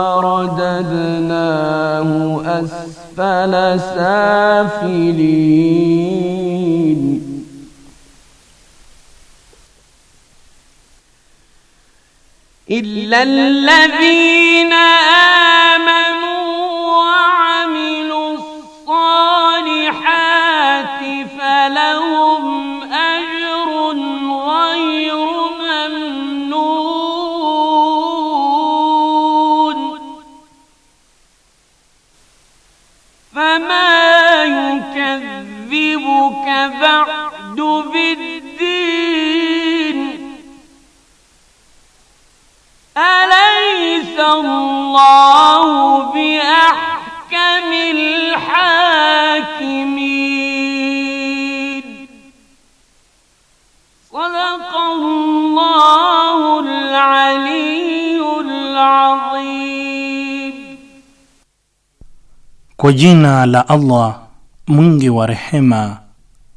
رددناه أسفل سافلين إلا الذين آمنوا بعد بالدين أليس الله بأحكم الحاكمين صدق الله العلي العظيم kwa jina la Allah mwingi wa rehema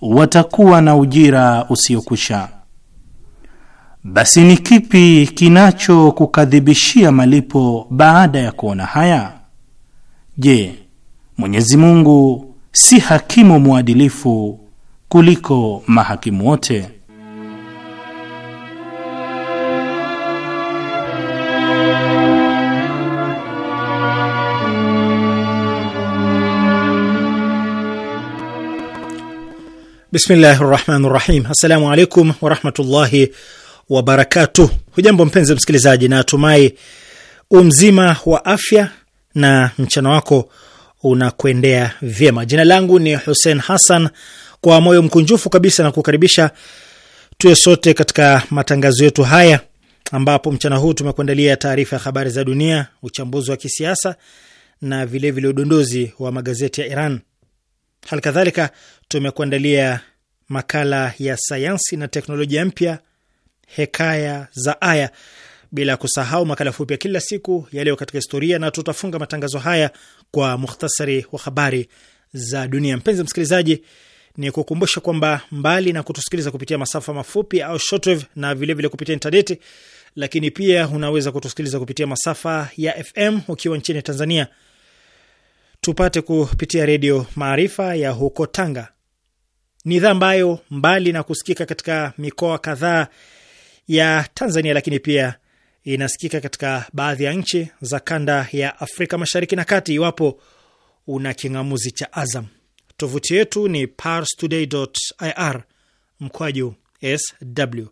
watakuwa na ujira usiokwisha. Basi ni kipi kinachokukadhibishia malipo baada ya kuona haya? Je, Mwenyezi Mungu si hakimu mwadilifu kuliko mahakimu wote? Bismillahi rahmani rahim. Assalamu alaikum warahmatullahi wabarakatuh. Hujambo mpenzi msikilizaji, na atumai umzima wa afya na mchana wako unakuendea vyema. Jina langu ni Hussein Hassan, kwa moyo mkunjufu kabisa na kukaribisha tuwe sote katika matangazo yetu haya, ambapo mchana huu tumekuandalia taarifa ya habari za dunia, uchambuzi wa kisiasa na vilevile udondozi wa magazeti ya Iran. Halikadhalika tumekuandalia makala ya sayansi na teknolojia mpya, hekaya za aya, bila kusahau makala fupi ya kila siku yaliyo katika historia, na tutafunga matangazo haya kwa mukhtasari wa habari za dunia. Mpenzi msikilizaji, ni kukumbusha kwamba mbali na kutusikiliza kupitia masafa mafupi au shortwave na vilevile vile kupitia intaneti, lakini pia unaweza kutusikiliza kupitia masafa ya FM ukiwa nchini Tanzania, tupate kupitia Redio Maarifa ya huko Tanga. Nidhaa ambayo mbali na kusikika katika mikoa kadhaa ya Tanzania, lakini pia inasikika katika baadhi ya nchi za kanda ya Afrika Mashariki na Kati iwapo una king'amuzi cha Azam. Tovuti yetu ni parstoday.ir mkwaju sw.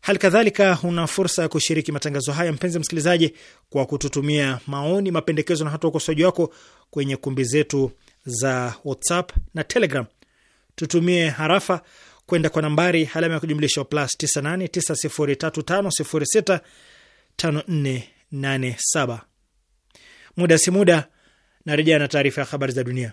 Hali kadhalika una fursa ya kushiriki matangazo haya, mpenzi msikilizaji, kwa kututumia maoni, mapendekezo na hata ukosoaji wako kwenye kumbi zetu za WhatsApp na Telegram tutumie harafa kwenda kwa nambari alama ya kujumlisha plus 989035065487. Muda si muda narejea na taarifa ya habari za dunia.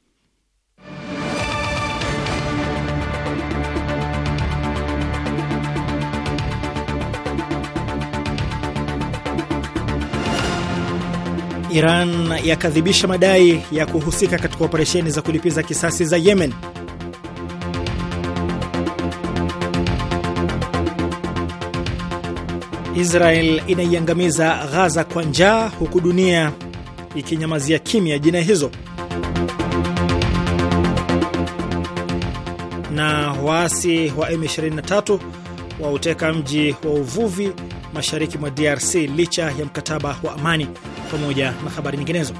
Iran yakadhibisha madai ya kuhusika katika operesheni za kulipiza kisasi za Yemen. Israel inaiangamiza Ghaza kwa njaa huku dunia ikinyamazia kimya jinai hizo. Na waasi wa M23 wauteka mji wa uvuvi mashariki mwa DRC licha ya mkataba wa amani pamoja na habari nyinginezo.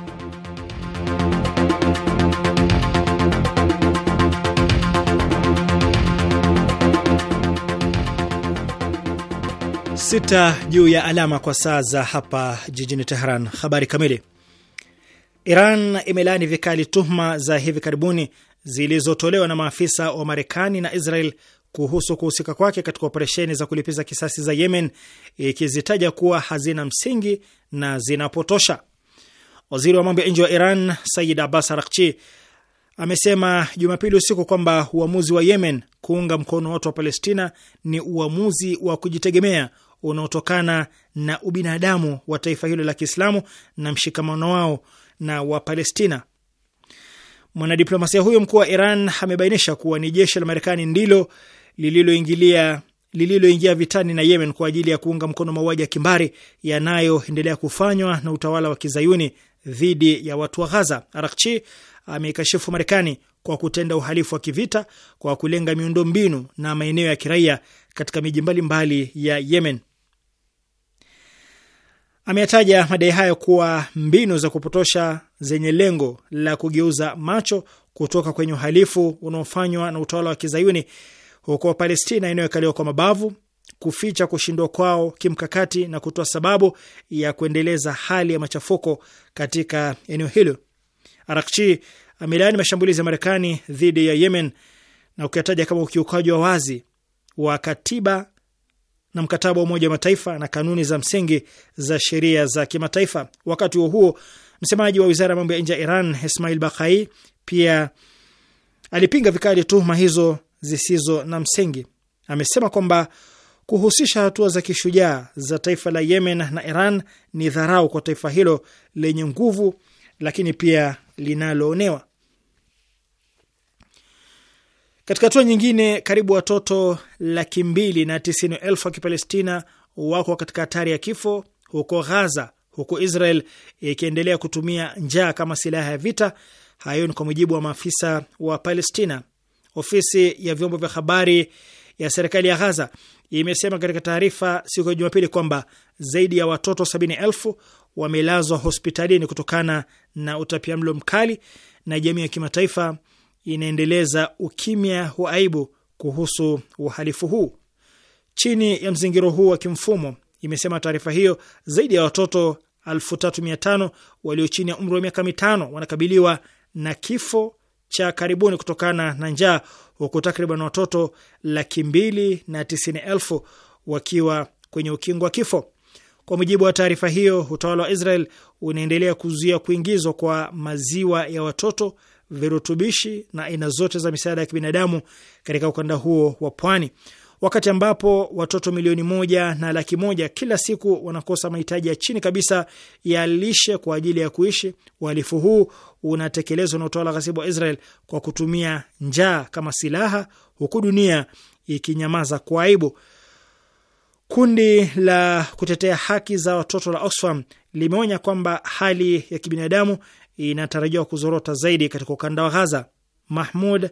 Sita juu ya alama kwa saa za hapa jijini teheran Habari kamili. Iran imelaani vikali tuhuma za hivi karibuni zilizotolewa na maafisa wa Marekani na Israel kuhusu kuhusika kwake katika operesheni za kulipiza kisasi za Yemen, ikizitaja kuwa hazina msingi na zinapotosha. Waziri wa mambo ya nje wa Iran Sayid Abbas Arakchi amesema Jumapili usiku kwamba uamuzi wa Yemen kuunga mkono watu wa Palestina ni uamuzi wa kujitegemea unaotokana na ubinadamu wa taifa hilo la Kiislamu na mshikamano wao na Wapalestina. Mwanadiplomasia huyo mkuu wa Iran amebainisha kuwa ni jeshi la Marekani ndilo lililoingilia lililoingia vitani na Yemen kwa ajili ya kuunga mkono mauaji ya kimbari yanayoendelea kufanywa na utawala wa kizayuni dhidi ya watu wa Ghaza. Arakchi ameikashifu Marekani kwa kutenda uhalifu wa kivita kwa kulenga miundo mbinu na maeneo ya kiraia katika miji mbalimbali ya Yemen. Ameyataja madai hayo kuwa mbinu za kupotosha zenye lengo la kugeuza macho kutoka kwenye uhalifu unaofanywa na utawala wa kizayuni huko Wapalestina inayokaliwa kwa mabavu kuficha kushindwa kwao kimkakati na kutoa sababu ya kuendeleza hali ya machafuko katika eneo hilo. Arakchi amelaani mashambulizi ya Marekani dhidi ya Yemen na kuyataja kama ukiukaji wa wazi wa katiba na mkataba wa Umoja wa Mataifa na kanuni za msingi za sheria za kimataifa. Wakati huo huo, msemaji wa wizara ya mambo ya nje ya Iran Ismail Bakai pia alipinga vikali tuhuma hizo zisizo na msingi. Amesema kwamba kuhusisha hatua za kishujaa za taifa la Yemen na Iran ni dharau kwa taifa hilo lenye nguvu, lakini pia linaloonewa. Katika hatua nyingine, karibu watoto laki mbili na tisini elfu wa Kipalestina wako katika hatari ya kifo huko Ghaza, huku Israel ikiendelea kutumia njaa kama silaha ya vita. Hayo ni kwa mujibu wa maafisa wa Palestina ofisi ya vyombo vya habari ya serikali ya Ghaza imesema katika taarifa siku ya Jumapili kwamba zaidi ya watoto sabini elfu wamelazwa hospitalini kutokana na utapiamlo mkali, na jamii ya kimataifa inaendeleza ukimya wa aibu kuhusu uhalifu huu. Chini ya mzingiro huu wa kimfumo, imesema taarifa hiyo, zaidi ya watoto elfu tatu mia tano walio chini ya umri wa miaka mitano wanakabiliwa na kifo cha karibuni kutokana na njaa, huku takriban watoto laki mbili na tisini elfu wakiwa kwenye ukingo wa kifo. Kwa mujibu wa taarifa hiyo, utawala wa Israel unaendelea kuzuia kuingizwa kwa maziwa ya watoto, virutubishi na aina zote za misaada ya kibinadamu katika ukanda huo wa pwani wakati ambapo watoto milioni moja na laki moja kila siku wanakosa mahitaji ya chini kabisa ya lishe kwa ajili ya kuishi. Uhalifu huu unatekelezwa na utawala ghasibu wa Israel kwa kutumia njaa kama silaha, huku dunia ikinyamaza kwa aibu. Kundi la kutetea haki za watoto la Oxfam limeonya kwamba hali ya kibinadamu inatarajiwa kuzorota zaidi katika ukanda wa Ghaza. Mahmud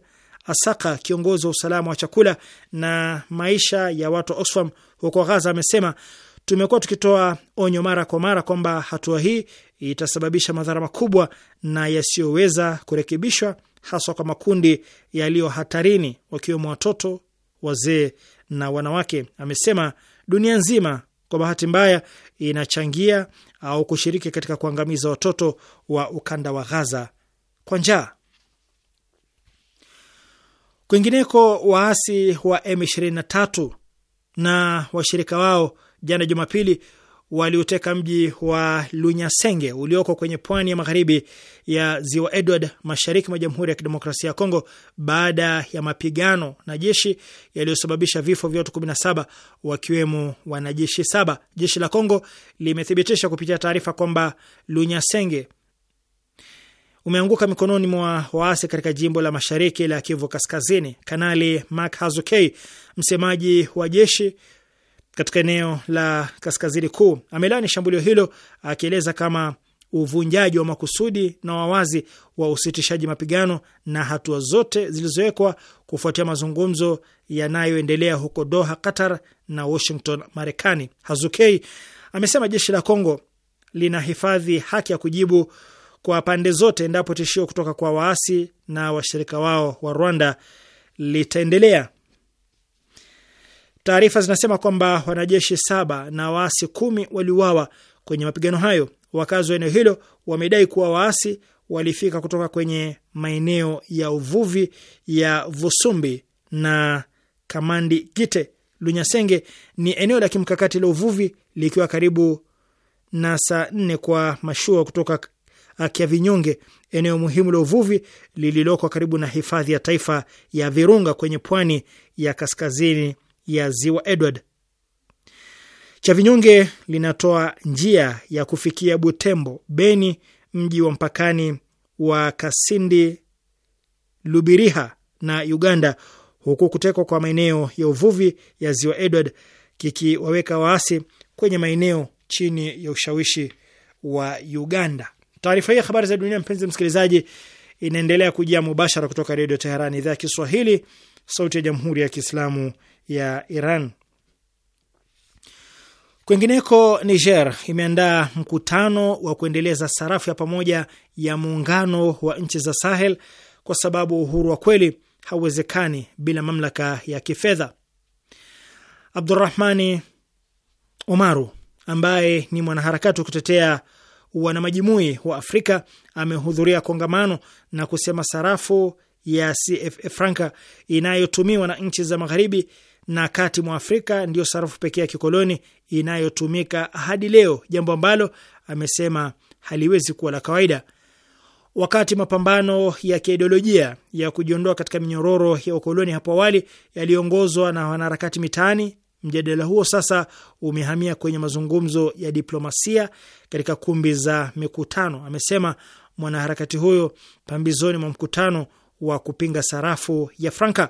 Asaka, kiongozi wa usalama wa chakula na maisha ya watu wa Oxfam huko Ghaza, amesema tumekuwa tukitoa onyo mara kwa mara kwamba hatua hii itasababisha madhara makubwa na yasiyoweza kurekebishwa, haswa kwa makundi yaliyo hatarini, wakiwemo watoto, wazee na wanawake. Amesema dunia nzima kwa bahati mbaya inachangia au kushiriki katika kuangamiza watoto wa ukanda wa Ghaza kwa njaa. Kwingineko, waasi wa M23 na washirika wao jana Jumapili waliuteka mji wa Lunyasenge ulioko kwenye pwani ya magharibi ya ziwa Edward, mashariki mwa Jamhuri ya Kidemokrasia ya Kongo, baada ya mapigano na jeshi yaliyosababisha vifo vya watu 17 wakiwemo wanajeshi saba. Jeshi la Kongo limethibitisha kupitia taarifa kwamba Lunyasenge umeanguka mikononi mwa waasi katika jimbo la mashariki la Kivu Kaskazini. Kanali Mark Hazukay, msemaji wa jeshi katika eneo la kaskazini kuu, amelani shambulio hilo akieleza kama uvunjaji wa makusudi na wawazi wa usitishaji mapigano na hatua zote zilizowekwa kufuatia mazungumzo yanayoendelea huko Doha, Qatar na Washington, Marekani. Hazukei amesema jeshi la Kongo lina hifadhi haki ya kujibu kwa pande zote endapo tishio kutoka kwa waasi na washirika wao wa Rwanda litaendelea. Taarifa zinasema kwamba wanajeshi saba na waasi kumi waliuawa kwenye mapigano hayo. Wakazi wa eneo hilo wamedai kuwa waasi walifika kutoka kwenye maeneo ya uvuvi ya Vusumbi na Kamandi Gite. Lunyasenge ni eneo la kimkakati la uvuvi likiwa karibu na saa nne kwa mashua kutoka Kiavinyonge, eneo muhimu la uvuvi lililoko karibu na hifadhi ya taifa ya Virunga kwenye pwani ya kaskazini ya ziwa Edward. Chavinyonge linatoa njia ya kufikia Butembo, Beni, mji wa mpakani wa Kasindi Lubiriha na Uganda, huku kutekwa kwa maeneo ya uvuvi ya ziwa Edward kikiwaweka waasi kwenye maeneo chini ya ushawishi wa Uganda. Taarifa hii ya habari za dunia, mpenzi msikilizaji, inaendelea kujia mubashara kutoka Redio Teheran, idhaa ya Kiswahili, sauti ya Jamhuri ya Kiislamu ya Iran. Kwingineko, Niger imeandaa mkutano wa kuendeleza sarafu ya pamoja ya muungano wa nchi za Sahel kwa sababu uhuru wa kweli hauwezekani bila mamlaka ya kifedha. Abdurahmani Umaru ambaye ni mwanaharakati wa kutetea wanamajimui wa Afrika amehudhuria kongamano na kusema sarafu ya CFA franka inayotumiwa na nchi za magharibi na kati mwa Afrika ndiyo sarafu pekee ya kikoloni inayotumika hadi leo, jambo ambalo amesema haliwezi kuwa la kawaida. Wakati mapambano ya kiideolojia ya kujiondoa katika minyororo ya ukoloni hapo awali yaliongozwa na wanaharakati mitaani Mjadala huo sasa umehamia kwenye mazungumzo ya diplomasia katika kumbi za mikutano, amesema mwanaharakati huyo pambizoni mwa mkutano wa kupinga sarafu ya franka.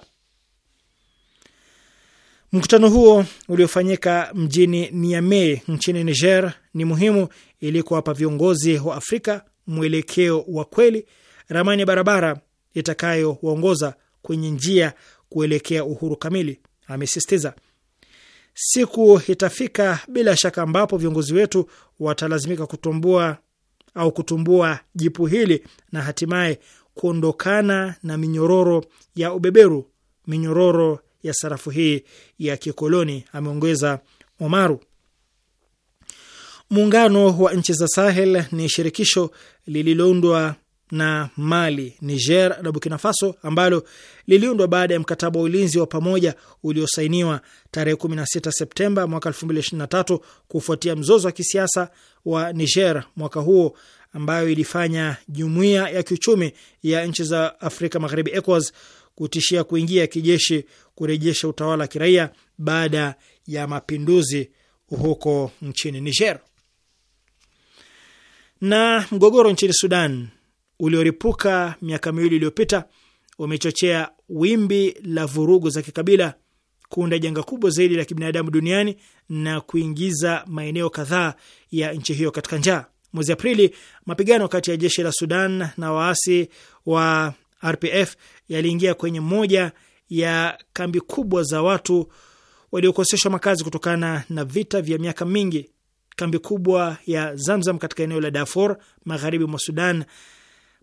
Mkutano huo uliofanyika mjini Niamey nchini Niger ni muhimu ili kuwapa viongozi wa Afrika mwelekeo wa kweli, ramani ya barabara itakayowaongoza kwenye njia kuelekea uhuru kamili, amesisitiza siku itafika bila shaka ambapo viongozi wetu watalazimika kutumbua au kutumbua jipu hili na hatimaye kuondokana na minyororo ya ubeberu, minyororo ya sarafu hii ya kikoloni, ameongeza Omaru. Muungano wa nchi za Sahel ni shirikisho lililoundwa na Mali, Niger na Burkina Faso ambalo liliundwa baada ya mkataba wa ulinzi wa pamoja uliosainiwa tarehe 16 Septemba mwaka 2023 kufuatia mzozo wa kisiasa wa Niger mwaka huo, ambayo ilifanya jumuiya ya kiuchumi ya nchi za Afrika Magharibi ECOWAS kutishia kuingia kijeshi kurejesha utawala wa kiraia baada ya mapinduzi huko nchini Niger. Na mgogoro nchini Sudan ulioripuka miaka miwili iliyopita umechochea wimbi la vurugu za kikabila kuunda janga kubwa zaidi la kibinadamu duniani na kuingiza maeneo kadhaa ya nchi hiyo katika njaa. Mwezi Aprili, mapigano kati ya jeshi la Sudan na waasi wa RPF yaliingia kwenye moja ya kambi kubwa za watu waliokoseshwa makazi kutokana na vita vya miaka mingi. Kambi kubwa ya Zamzam katika eneo la Darfur magharibi mwa Sudan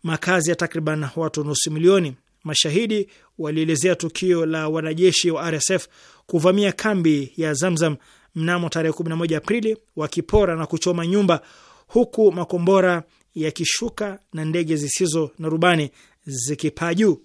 makazi ya takriban watu nusu milioni. Mashahidi walielezea tukio la wanajeshi wa RSF kuvamia kambi ya Zamzam mnamo tarehe 11 Aprili, wakipora na kuchoma nyumba, huku makombora yakishuka na ndege zisizo na rubani zikipaa juu.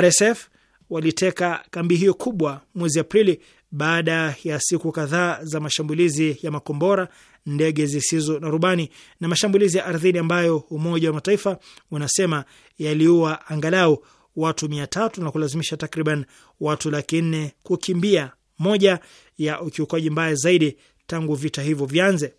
RSF waliteka kambi hiyo kubwa mwezi Aprili baada ya siku kadhaa za mashambulizi ya makombora ndege zisizo na rubani na mashambulizi ya ardhini ambayo Umoja wa Mataifa unasema yaliua angalau watu mia tatu na kulazimisha takriban watu laki nne kukimbia, moja ya ukiukaji mbaya zaidi tangu vita hivyo vyanze.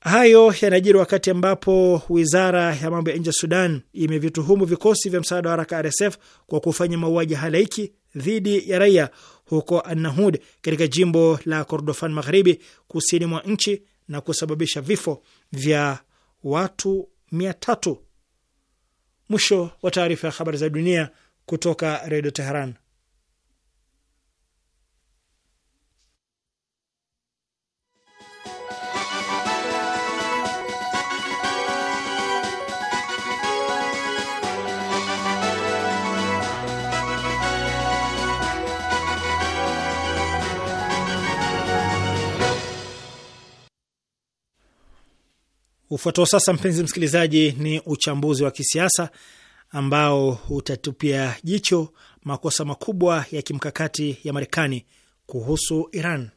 Hayo yanajiri wakati ambapo wizara ya mambo ya nje ya Sudan imevituhumu vikosi vya msaada wa haraka RSF kwa kufanya mauaji halaiki dhidi ya raia huko Annahud katika jimbo la Kordofan Magharibi, kusini mwa nchi na kusababisha vifo vya watu mia tatu. Mwisho wa taarifa ya habari za dunia kutoka Redio Teheran. Ufuatao sasa, mpenzi msikilizaji, ni uchambuzi wa kisiasa ambao utatupia jicho makosa makubwa ya kimkakati ya Marekani kuhusu Iran.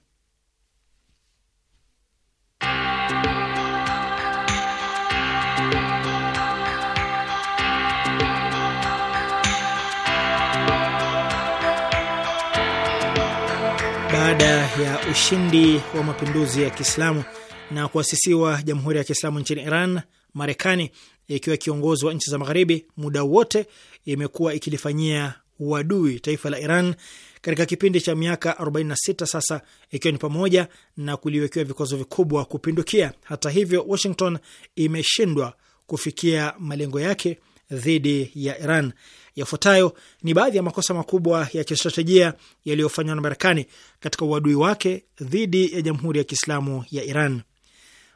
Baada ya ushindi wa mapinduzi ya Kiislamu na kuasisiwa Jamhuri ya Kiislamu nchini Iran, Marekani ikiwa kiongozi wa nchi za Magharibi, muda wote imekuwa ikilifanyia uadui taifa la Iran katika kipindi cha miaka 46 sasa, ikiwa ni pamoja na kuliwekewa vikwazo vikubwa kupindukia. Hata hivyo, Washington imeshindwa kufikia malengo yake dhidi ya Iran. Yafuatayo ni baadhi ya makosa makubwa ya kistratejia yaliyofanywa na Marekani katika uadui wake dhidi ya Jamhuri ya Kiislamu ya Iran.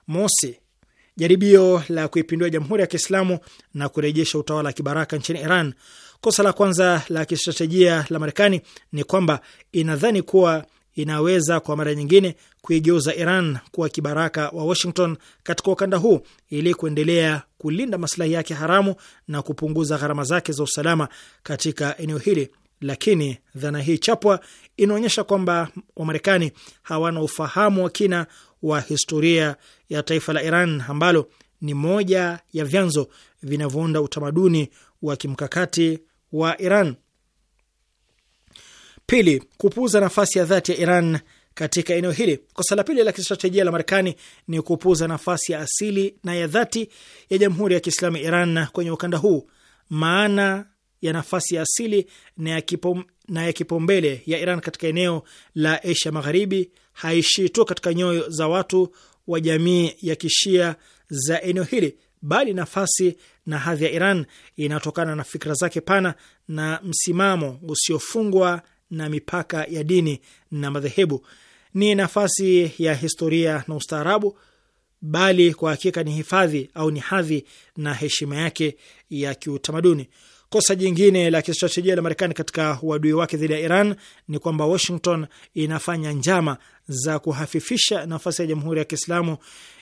Mosi, jaribio la kuipindua Jamhuri ya Kiislamu na kurejesha utawala wa kibaraka nchini Iran. Kosa la kwanza la kistratejia la Marekani ni kwamba inadhani kuwa inaweza kwa mara nyingine kuigeuza Iran kuwa kibaraka wa Washington katika ukanda huu ili kuendelea kulinda maslahi yake haramu na kupunguza gharama zake za usalama katika eneo hili. Lakini dhana hii chapwa inaonyesha kwamba Wamarekani hawana ufahamu wa kina wa historia ya taifa la Iran ambalo ni moja ya vyanzo vinavyounda utamaduni wa kimkakati wa Iran. Pili, kupuuza nafasi ya dhati ya Iran katika eneo hili. Kosa la pili la kistratejia la Marekani ni kupuuza nafasi ya asili na ya dhati ya Jamhuri ya Kiislamu ya Iran kwenye ukanda huu. Maana ya nafasi ya asili na ya kipaumbele ya Iran katika eneo la Asia Magharibi haishii tu katika nyoyo za watu wa jamii ya kishia za eneo hili, bali nafasi na hadhi ya Iran inatokana na fikra zake pana na msimamo usiofungwa na mipaka ya dini na madhehebu. Ni nafasi ya historia na ustaarabu, bali kwa hakika ni hifadhi au ni hadhi na heshima yake ya kiutamaduni. Kosa jingine la kistratejia la Marekani katika uadui wake dhidi ya Iran ni kwamba Washington inafanya njama za kuhafifisha nafasi ya Jamhuri ya Kiislamu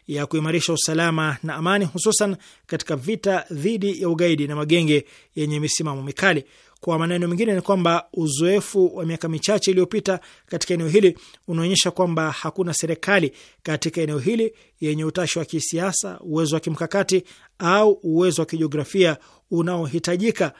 ya kuimarisha usalama na amani, hususan katika vita dhidi ya ugaidi na magenge yenye misimamo mikali. Kwa maneno mengine ni kwamba uzoefu wa miaka michache iliyopita katika eneo hili unaonyesha kwamba hakuna serikali katika eneo hili yenye utashi wa kisiasa, uwezo wa kimkakati au uwezo wa kijiografia unaohitajika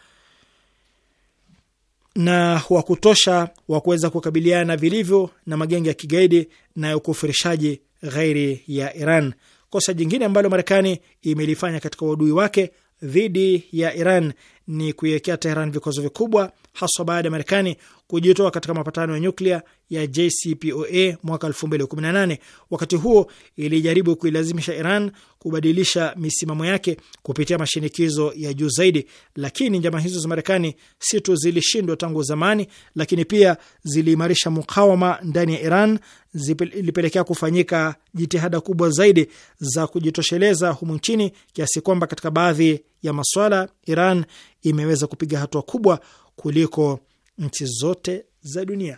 na wa kutosha wa kuweza kukabiliana vilivyo na magenge ya kigaidi na ya ukufirishaji ghairi ya Iran. Kosa jingine ambalo Marekani imelifanya katika uadui wake dhidi ya Iran ni kuiwekea Teheran vikwazo vikubwa, haswa baada ya Marekani kujitoa katika mapatano ya nyuklia ya JCPOA mwaka 2018. Wakati huo ilijaribu kuilazimisha Iran kubadilisha misimamo yake kupitia mashinikizo ya juu zaidi, lakini njama hizo za Marekani si tu zilishindwa tangu zamani, lakini pia ziliimarisha mukawama ndani ya Iran, zilipelekea kufanyika jitihada kubwa zaidi za kujitosheleza humu nchini, kiasi kwamba katika baadhi ya maswala, Iran imeweza kupiga hatua kubwa kuliko nchi zote za dunia.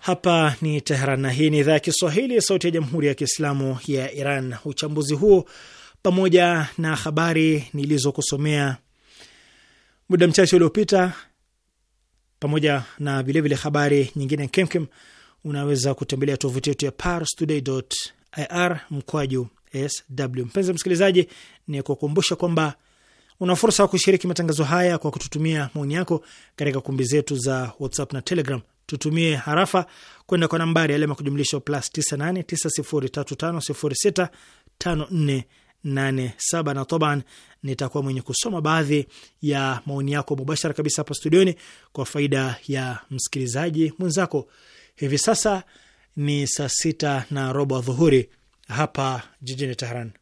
Hapa ni Teheran na hii ni idhaa ya Kiswahili, sauti ya jamhuri ya kiislamu ya Iran. Uchambuzi huo pamoja na habari nilizokusomea muda mchache uliopita, pamoja na vilevile habari nyingine kemkem, unaweza kutembelea tovuti yetu ya parstoday.ir mkwaju sw. Mpenzi msikilizaji, ni kukumbusha kwamba una fursa ya kushiriki matangazo haya kwa kututumia maoni yako katika kumbi zetu za WhatsApp na Telegram. Tutumie harafa kwenda kwa nambari alama kujumlisha plus 98 90350654 87 na taban nitakuwa mwenye kusoma baadhi ya maoni yako mubashara kabisa hapa studioni kwa faida ya msikilizaji mwenzako. Hivi sasa ni saa sita na robo adhuhuri hapa jijini Tehran.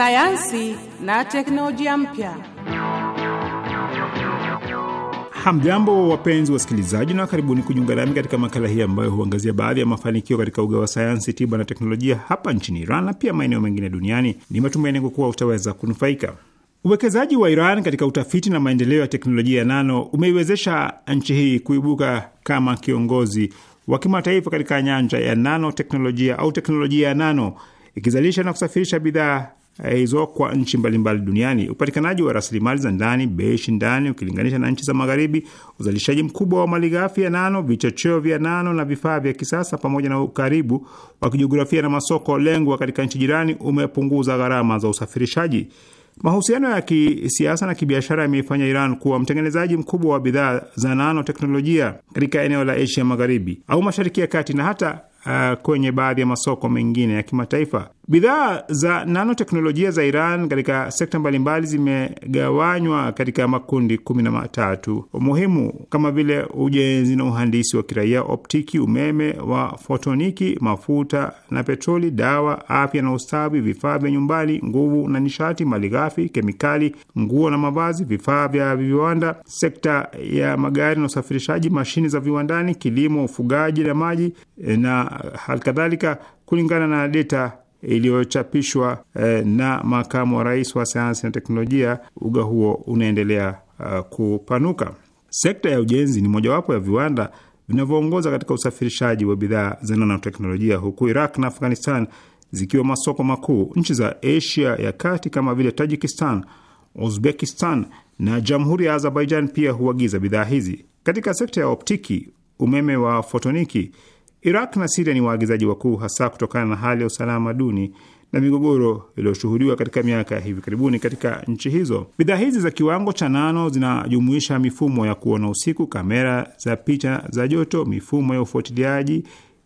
sayansi na teknolojia mpya. Hamjambo, wapenzi wasikilizaji, na karibuni kujiunga nami katika makala hii ambayo huangazia baadhi ya mafanikio katika uga wa sayansi, tiba na teknolojia hapa nchini Iran na pia maeneo mengine duniani. Ni matumaini yangu kuwa utaweza kunufaika. Uwekezaji wa Iran katika utafiti na maendeleo ya teknolojia ya nano umeiwezesha nchi hii kuibuka kama kiongozi wa kimataifa katika nyanja ya nano teknolojia au teknolojia ya nano, ikizalisha na kusafirisha bidhaa hizo kwa nchi mbalimbali mbali duniani. Upatikanaji wa rasilimali za ndani, bei shindani ukilinganisha na nchi za Magharibi, uzalishaji mkubwa wa malighafi ya nano, vichocheo vya nano na vifaa vya kisasa, pamoja na ukaribu wa kijiografia na masoko lengwa katika nchi jirani, umepunguza gharama za usafirishaji. Mahusiano ya kisiasa na kibiashara yameifanya Iran kuwa mtengenezaji mkubwa wa bidhaa za nano teknolojia katika eneo la Asia Magharibi au Mashariki ya Kati na hata uh, kwenye baadhi ya masoko mengine ya kimataifa. Bidhaa za nanoteknolojia za Iran katika sekta mbalimbali zimegawanywa katika makundi kumi na matatu muhimu kama vile ujenzi na uhandisi wa kiraia, optiki, umeme wa fotoniki, mafuta na petroli, dawa, afya na ustawi, vifaa vya nyumbani, nguvu na nishati, malighafi, kemikali, nguo na mavazi, vifaa vya viwanda, sekta ya magari na usafirishaji, mashine za viwandani, kilimo, ufugaji na maji na halikadhalika, kulingana na data iliyochapishwa eh, na makamu wa rais wa sayansi na teknolojia, uga huo unaendelea uh, kupanuka. Sekta ya ujenzi ni mojawapo ya viwanda vinavyoongoza katika usafirishaji wa bidhaa za nanoteknolojia, huku Iraq na Afghanistan zikiwa masoko makuu. Nchi za Asia ya kati kama vile Tajikistan, Uzbekistan na jamhuri ya Azerbaijan pia huagiza bidhaa hizi. Katika sekta ya optiki, umeme wa fotoniki Iraq na Siria ni waagizaji wakuu, hasa kutokana na hali ya usalama duni na migogoro iliyoshuhudiwa katika miaka ya hivi karibuni katika nchi hizo. Bidhaa hizi za kiwango cha nano zinajumuisha mifumo ya kuona usiku, kamera za picha za joto, mifumo ya ufuatiliaji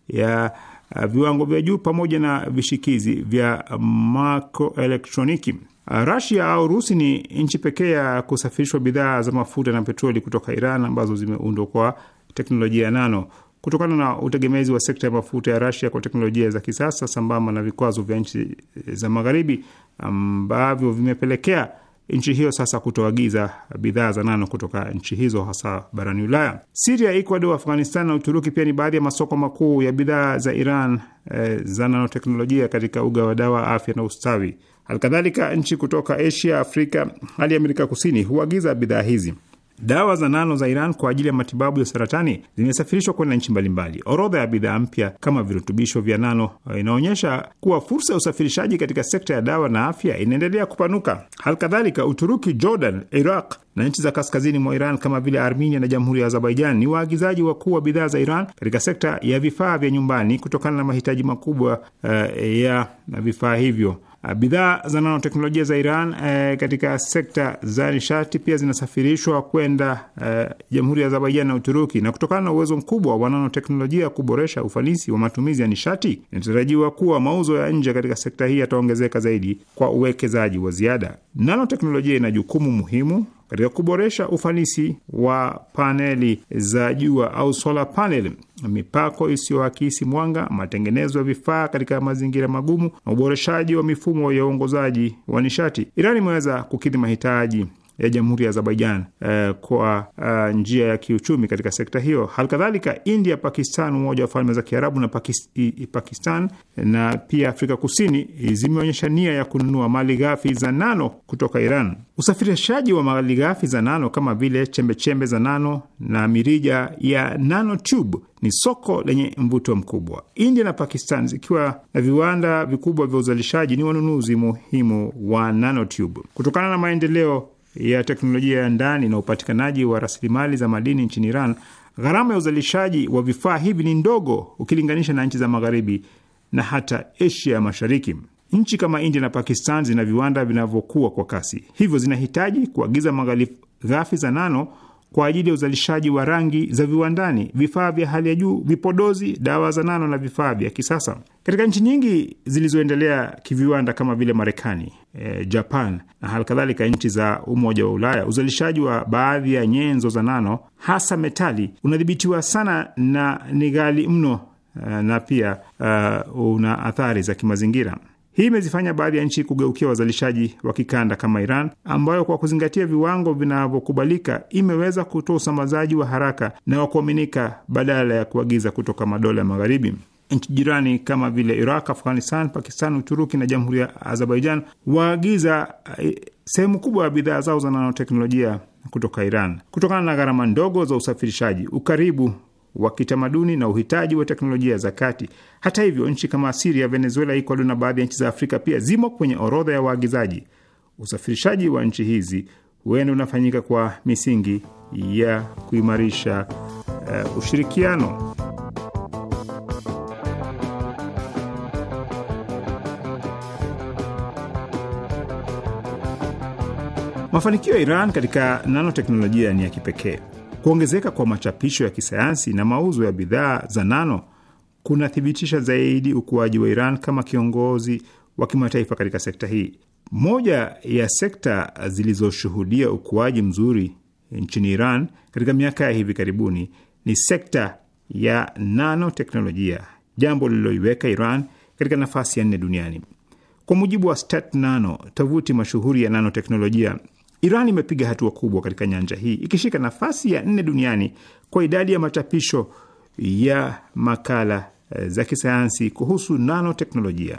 ya uh, viwango vya juu pamoja na vishikizi vya makroelektroniki. Uh, Rasia au Rusi ni nchi pekee ya kusafirishwa bidhaa za mafuta na petroli kutoka Iran ambazo zimeundwa kwa teknolojia nano kutokana na utegemezi wa sekta ya mafuta ya Rasia kwa teknolojia za kisasa sambamba na vikwazo vya nchi eh, za Magharibi ambavyo vimepelekea nchi hiyo sasa kutoagiza bidhaa za nano kutoka nchi hizo hasa barani Ulaya. Siria, Ecuador, Afghanistan na Uturuki pia ni baadhi ya masoko makuu ya bidhaa za Iran e, za nanoteknolojia katika uga wa dawa, afya na ustawi. Halikadhalika, nchi kutoka Asia, Afrika hadi Amerika Kusini huagiza bidhaa hizi. Dawa za nano za Iran kwa ajili ya matibabu ya saratani zimesafirishwa kwenda nchi mbalimbali. Orodha ya bidhaa mpya kama virutubisho vya nano uh, inaonyesha kuwa fursa ya usafirishaji katika sekta ya dawa na afya inaendelea kupanuka. Hali kadhalika, Uturuki, Jordan, Iraq na nchi za kaskazini mwa Iran kama vile Armenia na jamhuri ya Azerbaijan ni waagizaji wakuu wa bidhaa za Iran katika sekta ya vifaa vya nyumbani kutokana na mahitaji makubwa uh, ya vifaa hivyo. Ah, bidhaa za nanoteknolojia za Iran e, katika sekta za nishati pia zinasafirishwa kwenda eh, Jamhuri e, ya Azerbaijan na Uturuki, na kutokana na uwezo mkubwa wa nanoteknolojia kuboresha ufanisi wa matumizi ya nishati, inatarajiwa kuwa mauzo ya nje katika sekta hii yataongezeka zaidi kwa uwekezaji wa ziada. Nanoteknolojia ina jukumu muhimu katika kuboresha ufanisi wa paneli za jua au solar panel, mipako isiyoakisi mwanga, matengenezo ya vifaa katika mazingira magumu na uboreshaji wa mifumo ya uongozaji wa nishati. Irani imeweza kukidhi mahitaji ya jamhuri ya Azerbaijan uh, kwa uh, njia ya kiuchumi katika sekta hiyo. Halikadhalika India, Pakistan, Umoja wa Falme za Kiarabu na Pakistan na pia Afrika Kusini zimeonyesha nia ya kununua mali ghafi za nano kutoka Iran. Usafirishaji wa mali ghafi za nano kama vile chembechembe za nano na mirija ya nanotube ni soko lenye mvuto mkubwa. India na Pakistan zikiwa na viwanda vikubwa vya uzalishaji ni wanunuzi muhimu wa nanotube. Kutokana na maendeleo ya teknolojia ya ndani na upatikanaji wa rasilimali za madini nchini Iran, gharama ya uzalishaji wa vifaa hivi ni ndogo ukilinganisha na nchi za magharibi na hata Asia ya Mashariki. Nchi kama India na Pakistan zina viwanda vinavyokuwa kwa kasi, hivyo zinahitaji kuagiza malighafi za nano kwa ajili ya uzalishaji wa rangi za viwandani, vifaa vya hali ya juu, vipodozi, dawa za nano na vifaa vya kisasa. Katika nchi nyingi zilizoendelea kiviwanda kama vile Marekani, eh, Japan na halikadhalika nchi za Umoja wa Ulaya, uzalishaji wa baadhi ya nyenzo za nano, hasa metali, unadhibitiwa sana na ni ghali mno eh, na pia uh, una athari za kimazingira. Hii imezifanya baadhi ya nchi kugeukia wazalishaji wa kikanda kama Iran, ambayo kwa kuzingatia viwango vinavyokubalika imeweza kutoa usambazaji wa haraka na wa kuaminika badala ya kuagiza kutoka madola ya magharibi. Nchi jirani kama vile Iraq, Afghanistan, Pakistan, Uturuki na jamhuri ya Azerbaijan waagiza eh, sehemu kubwa ya bidhaa zao za nanoteknolojia kutoka Iran kutokana na gharama ndogo za usafirishaji, ukaribu wa kitamaduni na uhitaji wa teknolojia za kati. Hata hivyo, nchi kama Siria, Venezuela, Ecuador na baadhi ya nchi za Afrika pia zimo kwenye orodha ya waagizaji. Usafirishaji wa nchi hizi huenda unafanyika kwa misingi ya kuimarisha uh, ushirikiano. Mafanikio ya Iran katika nanoteknolojia ni ya kipekee. Kuongezeka kwa machapisho ya kisayansi na mauzo ya bidhaa za nano kunathibitisha zaidi ukuaji wa Iran kama kiongozi wa kimataifa katika sekta hii. Moja ya sekta zilizoshuhudia ukuaji mzuri nchini Iran katika miaka ya hivi karibuni ni sekta ya nanoteknolojia, jambo lililoiweka Iran katika nafasi ya nne duniani. Kwa mujibu wa Stat Nano, tovuti mashuhuri ya nanoteknolojia, Iran imepiga hatua kubwa katika nyanja hii ikishika nafasi ya nne duniani kwa idadi ya machapisho ya makala eh, za kisayansi kuhusu nanoteknolojia.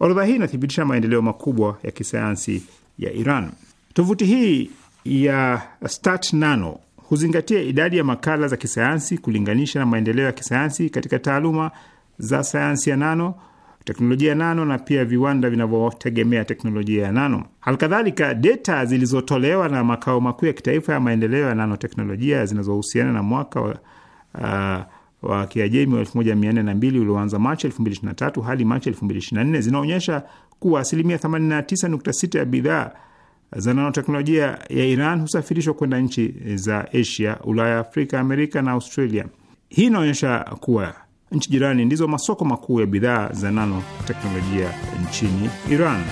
Orodha hii inathibitisha maendeleo makubwa ya kisayansi ya Iran. Tovuti hii ya Stat Nano huzingatia idadi ya makala za kisayansi kulinganisha na maendeleo ya kisayansi katika taaluma za sayansi ya nano teknolojia ya nano na pia viwanda vinavyotegemea teknolojia ya nano. Halikadhalika, deta zilizotolewa na makao makuu ya kitaifa ya maendeleo ya nanoteknolojia zinazohusiana na mwaka wa, uh, wa Kiajemi wa 1402 ulioanza Machi 2023 hadi Machi 2024 zinaonyesha kuwa asilimia 89.6 ya bidhaa za nanoteknolojia ya Iran husafirishwa kwenda nchi za Asia, Ulaya, Afrika, Amerika na Australia. Hii inaonyesha kuwa nchi jirani ndizo masoko makuu ya bidhaa za nano teknolojia nchini Iran.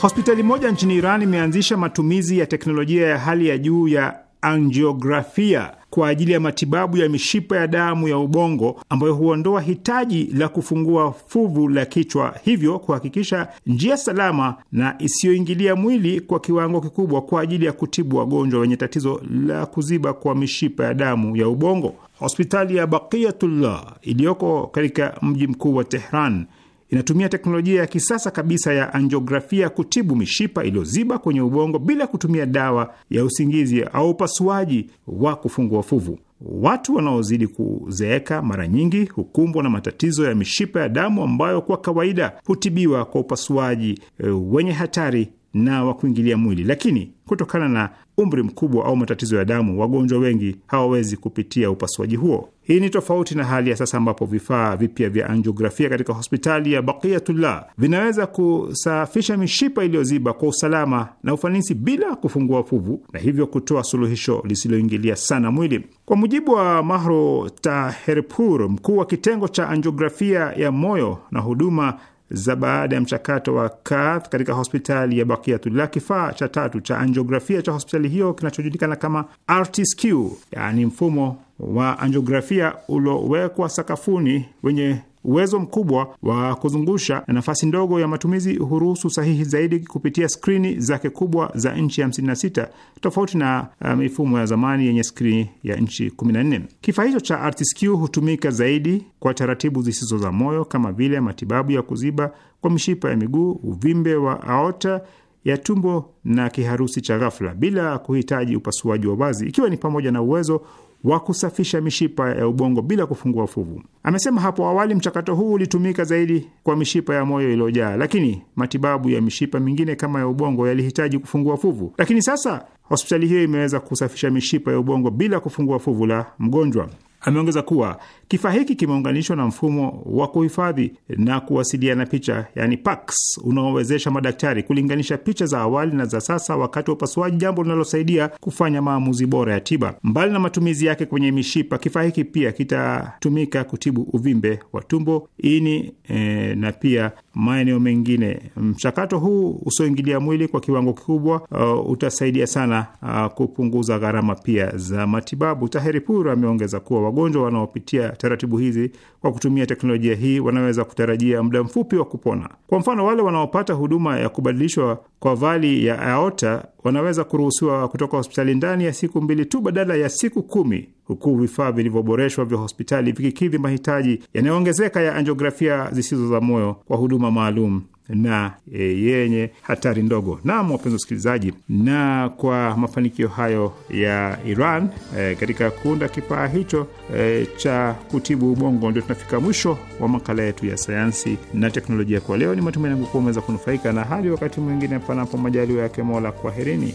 Hospitali moja nchini Iran imeanzisha matumizi ya teknolojia ya hali ya juu ya angiografia kwa ajili ya matibabu ya mishipa ya damu ya ubongo ambayo huondoa hitaji la kufungua fuvu la kichwa, hivyo kuhakikisha njia salama na isiyoingilia mwili kwa kiwango kikubwa kwa ajili ya kutibu wagonjwa wenye tatizo la kuziba kwa mishipa ya damu ya ubongo. Hospitali ya Baqiyatullah iliyoko katika mji mkuu wa Tehran inatumia teknolojia ya kisasa kabisa ya anjiografia kutibu mishipa iliyoziba kwenye ubongo bila kutumia dawa ya usingizi au upasuaji wa kufungua fuvu. Watu wanaozidi kuzeeka mara nyingi hukumbwa na matatizo ya mishipa ya damu ambayo kwa kawaida hutibiwa kwa upasuaji eh, wenye hatari na wa kuingilia mwili, lakini kutokana na umri mkubwa au matatizo ya damu, wagonjwa wengi hawawezi kupitia upasuaji huo. Hii ni tofauti na hali ya sasa ambapo vifaa vipya vya anjiografia katika hospitali ya Baqiyatullah vinaweza kusafisha mishipa iliyoziba kwa usalama na ufanisi bila kufungua fuvu na hivyo kutoa suluhisho lisiloingilia sana mwili. Kwa mujibu wa Mahro Taherpur, mkuu wa kitengo cha anjiografia ya moyo na huduma za baada ya mchakato wa kath katika hospitali ya Bakiatullah. Kifaa cha tatu cha angiografia cha hospitali hiyo kinachojulikana kama RTSQ, yaani mfumo wa angiografia uliowekwa sakafuni wenye Uwezo mkubwa wa kuzungusha na nafasi ndogo ya matumizi huruhusu sahihi zaidi kupitia skrini zake kubwa za nchi 56 tofauti na uh, mifumo um, ya zamani yenye skrini ya nchi 14. Kifaa hicho cha Artisq hutumika zaidi kwa taratibu zisizo za moyo kama vile matibabu ya kuziba kwa mishipa ya miguu, uvimbe wa aorta ya tumbo na kiharusi cha ghafla bila kuhitaji upasuaji wa wazi, ikiwa ni pamoja na uwezo wa kusafisha mishipa ya ubongo bila kufungua fuvu. Amesema hapo awali mchakato huu ulitumika zaidi kwa mishipa ya moyo iliyojaa, lakini matibabu ya mishipa mingine kama ya ubongo yalihitaji kufungua fuvu, lakini sasa hospitali hiyo imeweza kusafisha mishipa ya ubongo bila kufungua fuvu la mgonjwa. Ameongeza kuwa kifaa hiki kimeunganishwa na mfumo wa kuhifadhi na kuwasiliana picha, yani PACS, unaowezesha madaktari kulinganisha picha za awali na za sasa wakati wa upasuaji, jambo linalosaidia kufanya maamuzi bora ya tiba. Mbali na matumizi yake kwenye mishipa, kifaa hiki pia kitatumika kutibu uvimbe wa tumbo, ini, e, na pia maeneo mengine. Mchakato huu usioingilia mwili kwa kiwango kikubwa uh, utasaidia sana uh, kupunguza gharama pia za matibabu. Taheri pur ameongeza kuwa wagonjwa wanaopitia taratibu hizi kwa kutumia teknolojia hii wanaweza kutarajia muda mfupi wa kupona. Kwa mfano, wale wanaopata huduma ya kubadilishwa kwa vali ya aorta wanaweza kuruhusiwa kutoka hospitali ndani ya siku mbili tu badala ya siku kumi, huku vifaa vilivyoboreshwa vya hospitali vikikidhi mahitaji yanayoongezeka ya anjiografia zisizo za moyo kwa huduma maalum na e, yenye hatari ndogo. Naam, wapenzi wasikilizaji, na kwa mafanikio hayo ya Iran e, katika kuunda kifaa hicho e, cha kutibu ubongo, ndio tunafika mwisho wa makala yetu ya sayansi na teknolojia kwa leo. Ni matumaini yangu kuwa umeweza kunufaika, na hadi wakati mwingine, panapo majaliwa yake Mola, kwaherini.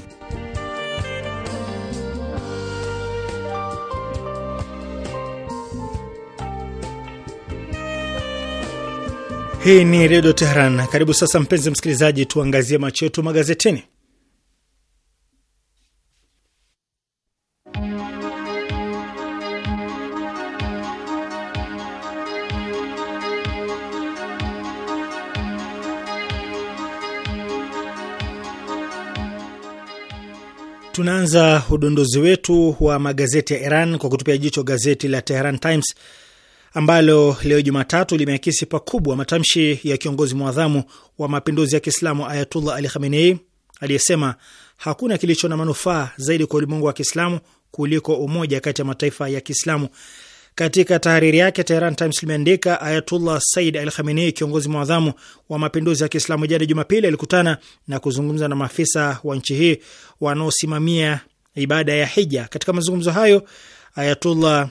Hii ni Redio Teheran. Karibu sasa, mpenzi msikilizaji, tuangazie macho yetu magazetini. Tunaanza udondozi wetu wa magazeti ya Iran kwa kutupia jicho gazeti la Teheran Times ambalo leo Jumatatu limeakisi pakubwa matamshi ya kiongozi mwadhamu wa mapinduzi ya Kiislamu Ayatullah Ali Khamenei aliyesema hakuna kilicho na manufaa zaidi kwa ulimwengu wa Kiislamu kuliko umoja kati ya mataifa ya Kiislamu. Katika tahariri yake, Tehran Times limeandika Ayatullah Said Al Khamenei, kiongozi mwadhamu wa mapinduzi ya Kiislamu, jana Jumapili alikutana na kuzungumza na maafisa wa nchi hii wanaosimamia ibada ya hija. Katika mazungumzo hayo Ayatullah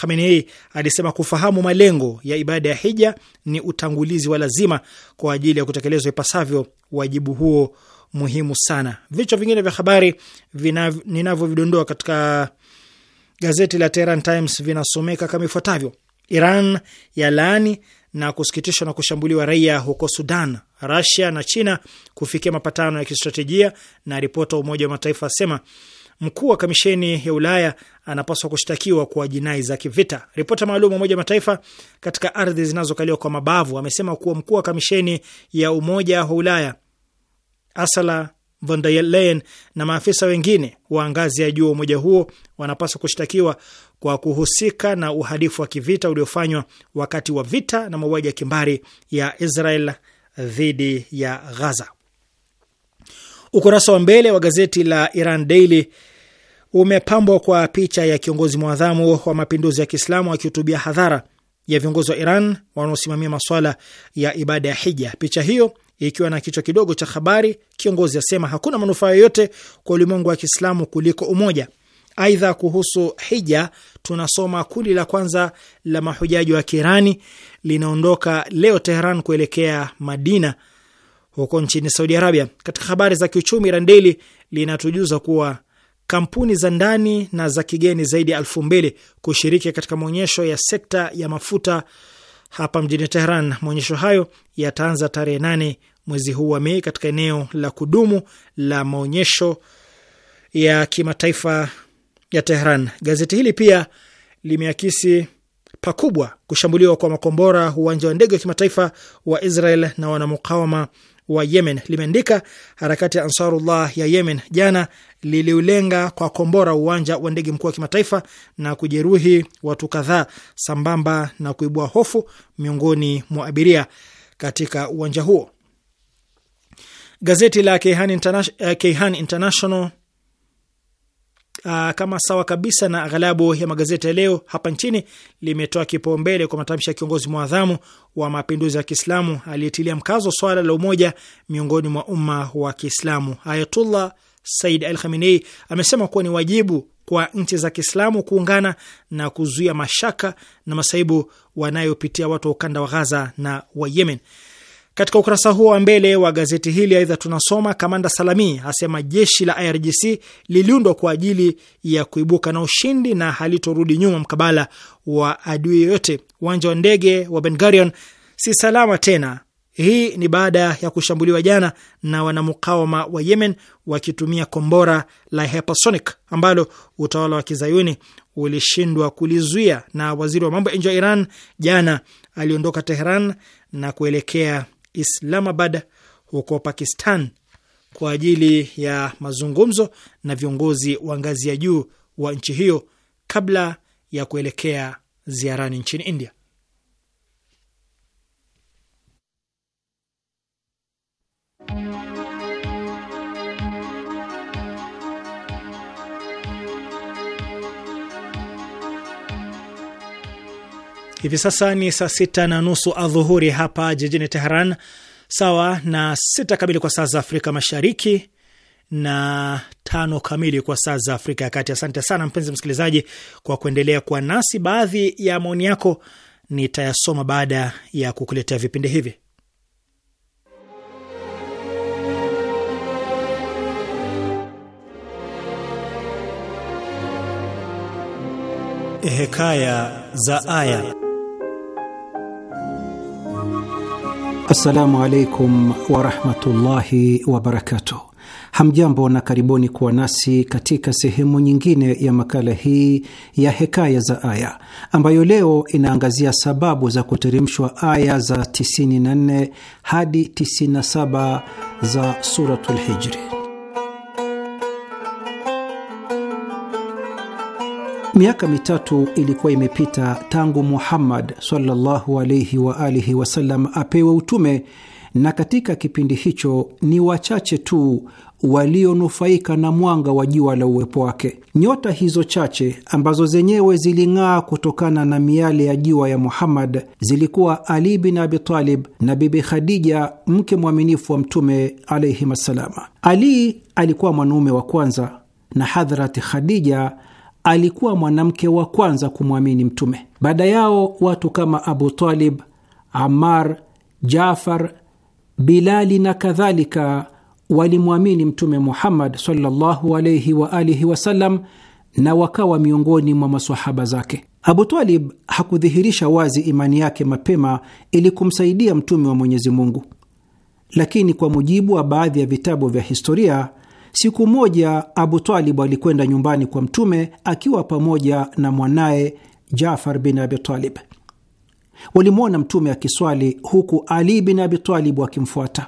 Khamenei alisema kufahamu malengo ya ibada ya hija ni utangulizi wa lazima kwa ajili ya kutekelezwa ipasavyo wajibu huo muhimu sana. Vichwa vingine vya habari ninavyovidondoa katika gazeti la Tehran Times vinasomeka kama ifuatavyo: Iran ya laani na kusikitishwa na kushambuliwa raia huko Sudan. Rasia na China kufikia mapatano ya kistratejia, na ripota wa Umoja wa Mataifa asema mkuu wa kamisheni ya Ulaya anapaswa kushtakiwa kwa jinai za kivita. Ripota maalum wa Umoja wa Mataifa katika ardhi zinazokaliwa kwa mabavu amesema kuwa mkuu wa kamisheni ya Umoja wa Ulaya Ursula von der Leyen na maafisa wengine wa ngazi ya juu wa umoja huo wanapaswa kushtakiwa kwa kuhusika na uhalifu wa kivita uliofanywa wakati wa vita na mauaji ya kimbari ya Israel dhidi ya Gaza. Ukurasa wa mbele wa gazeti la Iran Daily umepambwa kwa picha ya kiongozi mwadhamu wa mapinduzi ya Kiislamu akihutubia hadhara ya viongozi wa Iran wanaosimamia maswala ya ibada ya hija. Picha hiyo ikiwa na kichwa kidogo cha habari, kiongozi asema hakuna manufaa yoyote kwa ulimwengu wa Kiislamu kuliko umoja. Aidha, kuhusu hija tunasoma kundi la kwanza la mahujaji wa Kiirani linaondoka leo Teheran kuelekea Madina huko nchini Saudi Arabia. Katika habari za kiuchumi, Randeli linatujuza kuwa kampuni za ndani na za kigeni zaidi ya elfu mbili kushiriki katika maonyesho ya sekta ya mafuta hapa mjini Tehran. Maonyesho hayo yataanza tarehe nane mwezi huu wa Mei katika eneo la kudumu la maonyesho ya kimataifa ya Tehran. Gazeti hili pia limeakisi pakubwa kushambuliwa kwa makombora uwanja wa ndege wa kimataifa wa Israel na wanamukawama wa Yemen limeandika harakati ya Ansarullah ya Yemen jana liliulenga kwa kombora uwanja wa ndege mkuu wa kimataifa na kujeruhi watu kadhaa sambamba na kuibua hofu miongoni mwa abiria katika uwanja huo. Gazeti la Kehan eh, International, Kehan International uh, kama sawa kabisa na aghalabu ya magazeti ya leo hapa nchini, limetoa kipaumbele kwa matamshi ya kiongozi mwadhamu wa mapinduzi ya Kiislamu aliyetilia mkazo swala la umoja miongoni mwa umma wa Kiislamu. Ayatullah Said Al Khamenei amesema kuwa ni wajibu kwa nchi za Kiislamu kuungana na kuzuia mashaka na masaibu wanayopitia watu wa ukanda wa Ghaza na wa Yemen. Katika ukurasa huo wa mbele wa gazeti hili, aidha tunasoma kamanda Salami asema jeshi la IRGC liliundwa kwa ajili ya kuibuka na ushindi na halitorudi nyuma mkabala wa adui yoyote. Uwanja wa ndege wa Bengarion si salama tena. Hii ni baada ya kushambuliwa jana na wanamukawama wa Yemen wakitumia kombora la hypersonic ambalo utawala wa kizayuni ulishindwa kulizuia. Na waziri wa mambo ya nje wa Iran jana aliondoka Teheran na kuelekea Islamabad huko Pakistan kwa ajili ya mazungumzo na viongozi wa ngazi ya juu wa nchi hiyo kabla ya kuelekea ziarani nchini India. Hivi sasa ni saa sita na nusu adhuhuri hapa jijini Teheran, sawa na sita kamili kwa saa za Afrika Mashariki na tano kamili kwa saa za Afrika ya Kati. Asante sana mpenzi msikilizaji kwa kuendelea kuwa nasi. Baadhi ya maoni yako nitayasoma baada ya kukuletea vipindi hivi. Hekaya za Aya. Assalamu alaikum warahmatullahi wabarakatuh. Hamjambo na karibuni kuwa nasi katika sehemu nyingine ya makala hii ya Hekaya za Aya ambayo leo inaangazia sababu za kuteremshwa aya za 94 hadi 97 za Suratul Hijri. Miaka mitatu ilikuwa imepita tangu Muhammad sallallahu alaihi wa alihi wasallam apewe utume, na katika kipindi hicho ni wachache tu walionufaika na mwanga wa jua la uwepo wake. Nyota hizo chache ambazo zenyewe ziling'aa kutokana na miale ya jua ya Muhammad zilikuwa Ali bin Abi Talib na Bibi Khadija, mke mwaminifu wa Mtume alaihim assalama. Ali alikuwa mwanaume wa kwanza na Hadhrati Khadija alikuwa mwanamke wa kwanza kumwamini Mtume. Baada yao watu kama Abu Talib, Ammar, Jafar, Bilali na kadhalika walimwamini Mtume Muhammad sallallahu wa alihi wasallam na wakawa miongoni mwa masahaba zake. Abu Talib hakudhihirisha wazi imani yake mapema ili kumsaidia Mtume wa Mwenyezi Mungu, lakini kwa mujibu wa baadhi ya vitabu vya historia Siku moja Abu Talib alikwenda nyumbani kwa Mtume akiwa pamoja na mwanaye Jafar bin Abitalib. Walimwona Mtume akiswali huku Ali bin Abitalib akimfuata.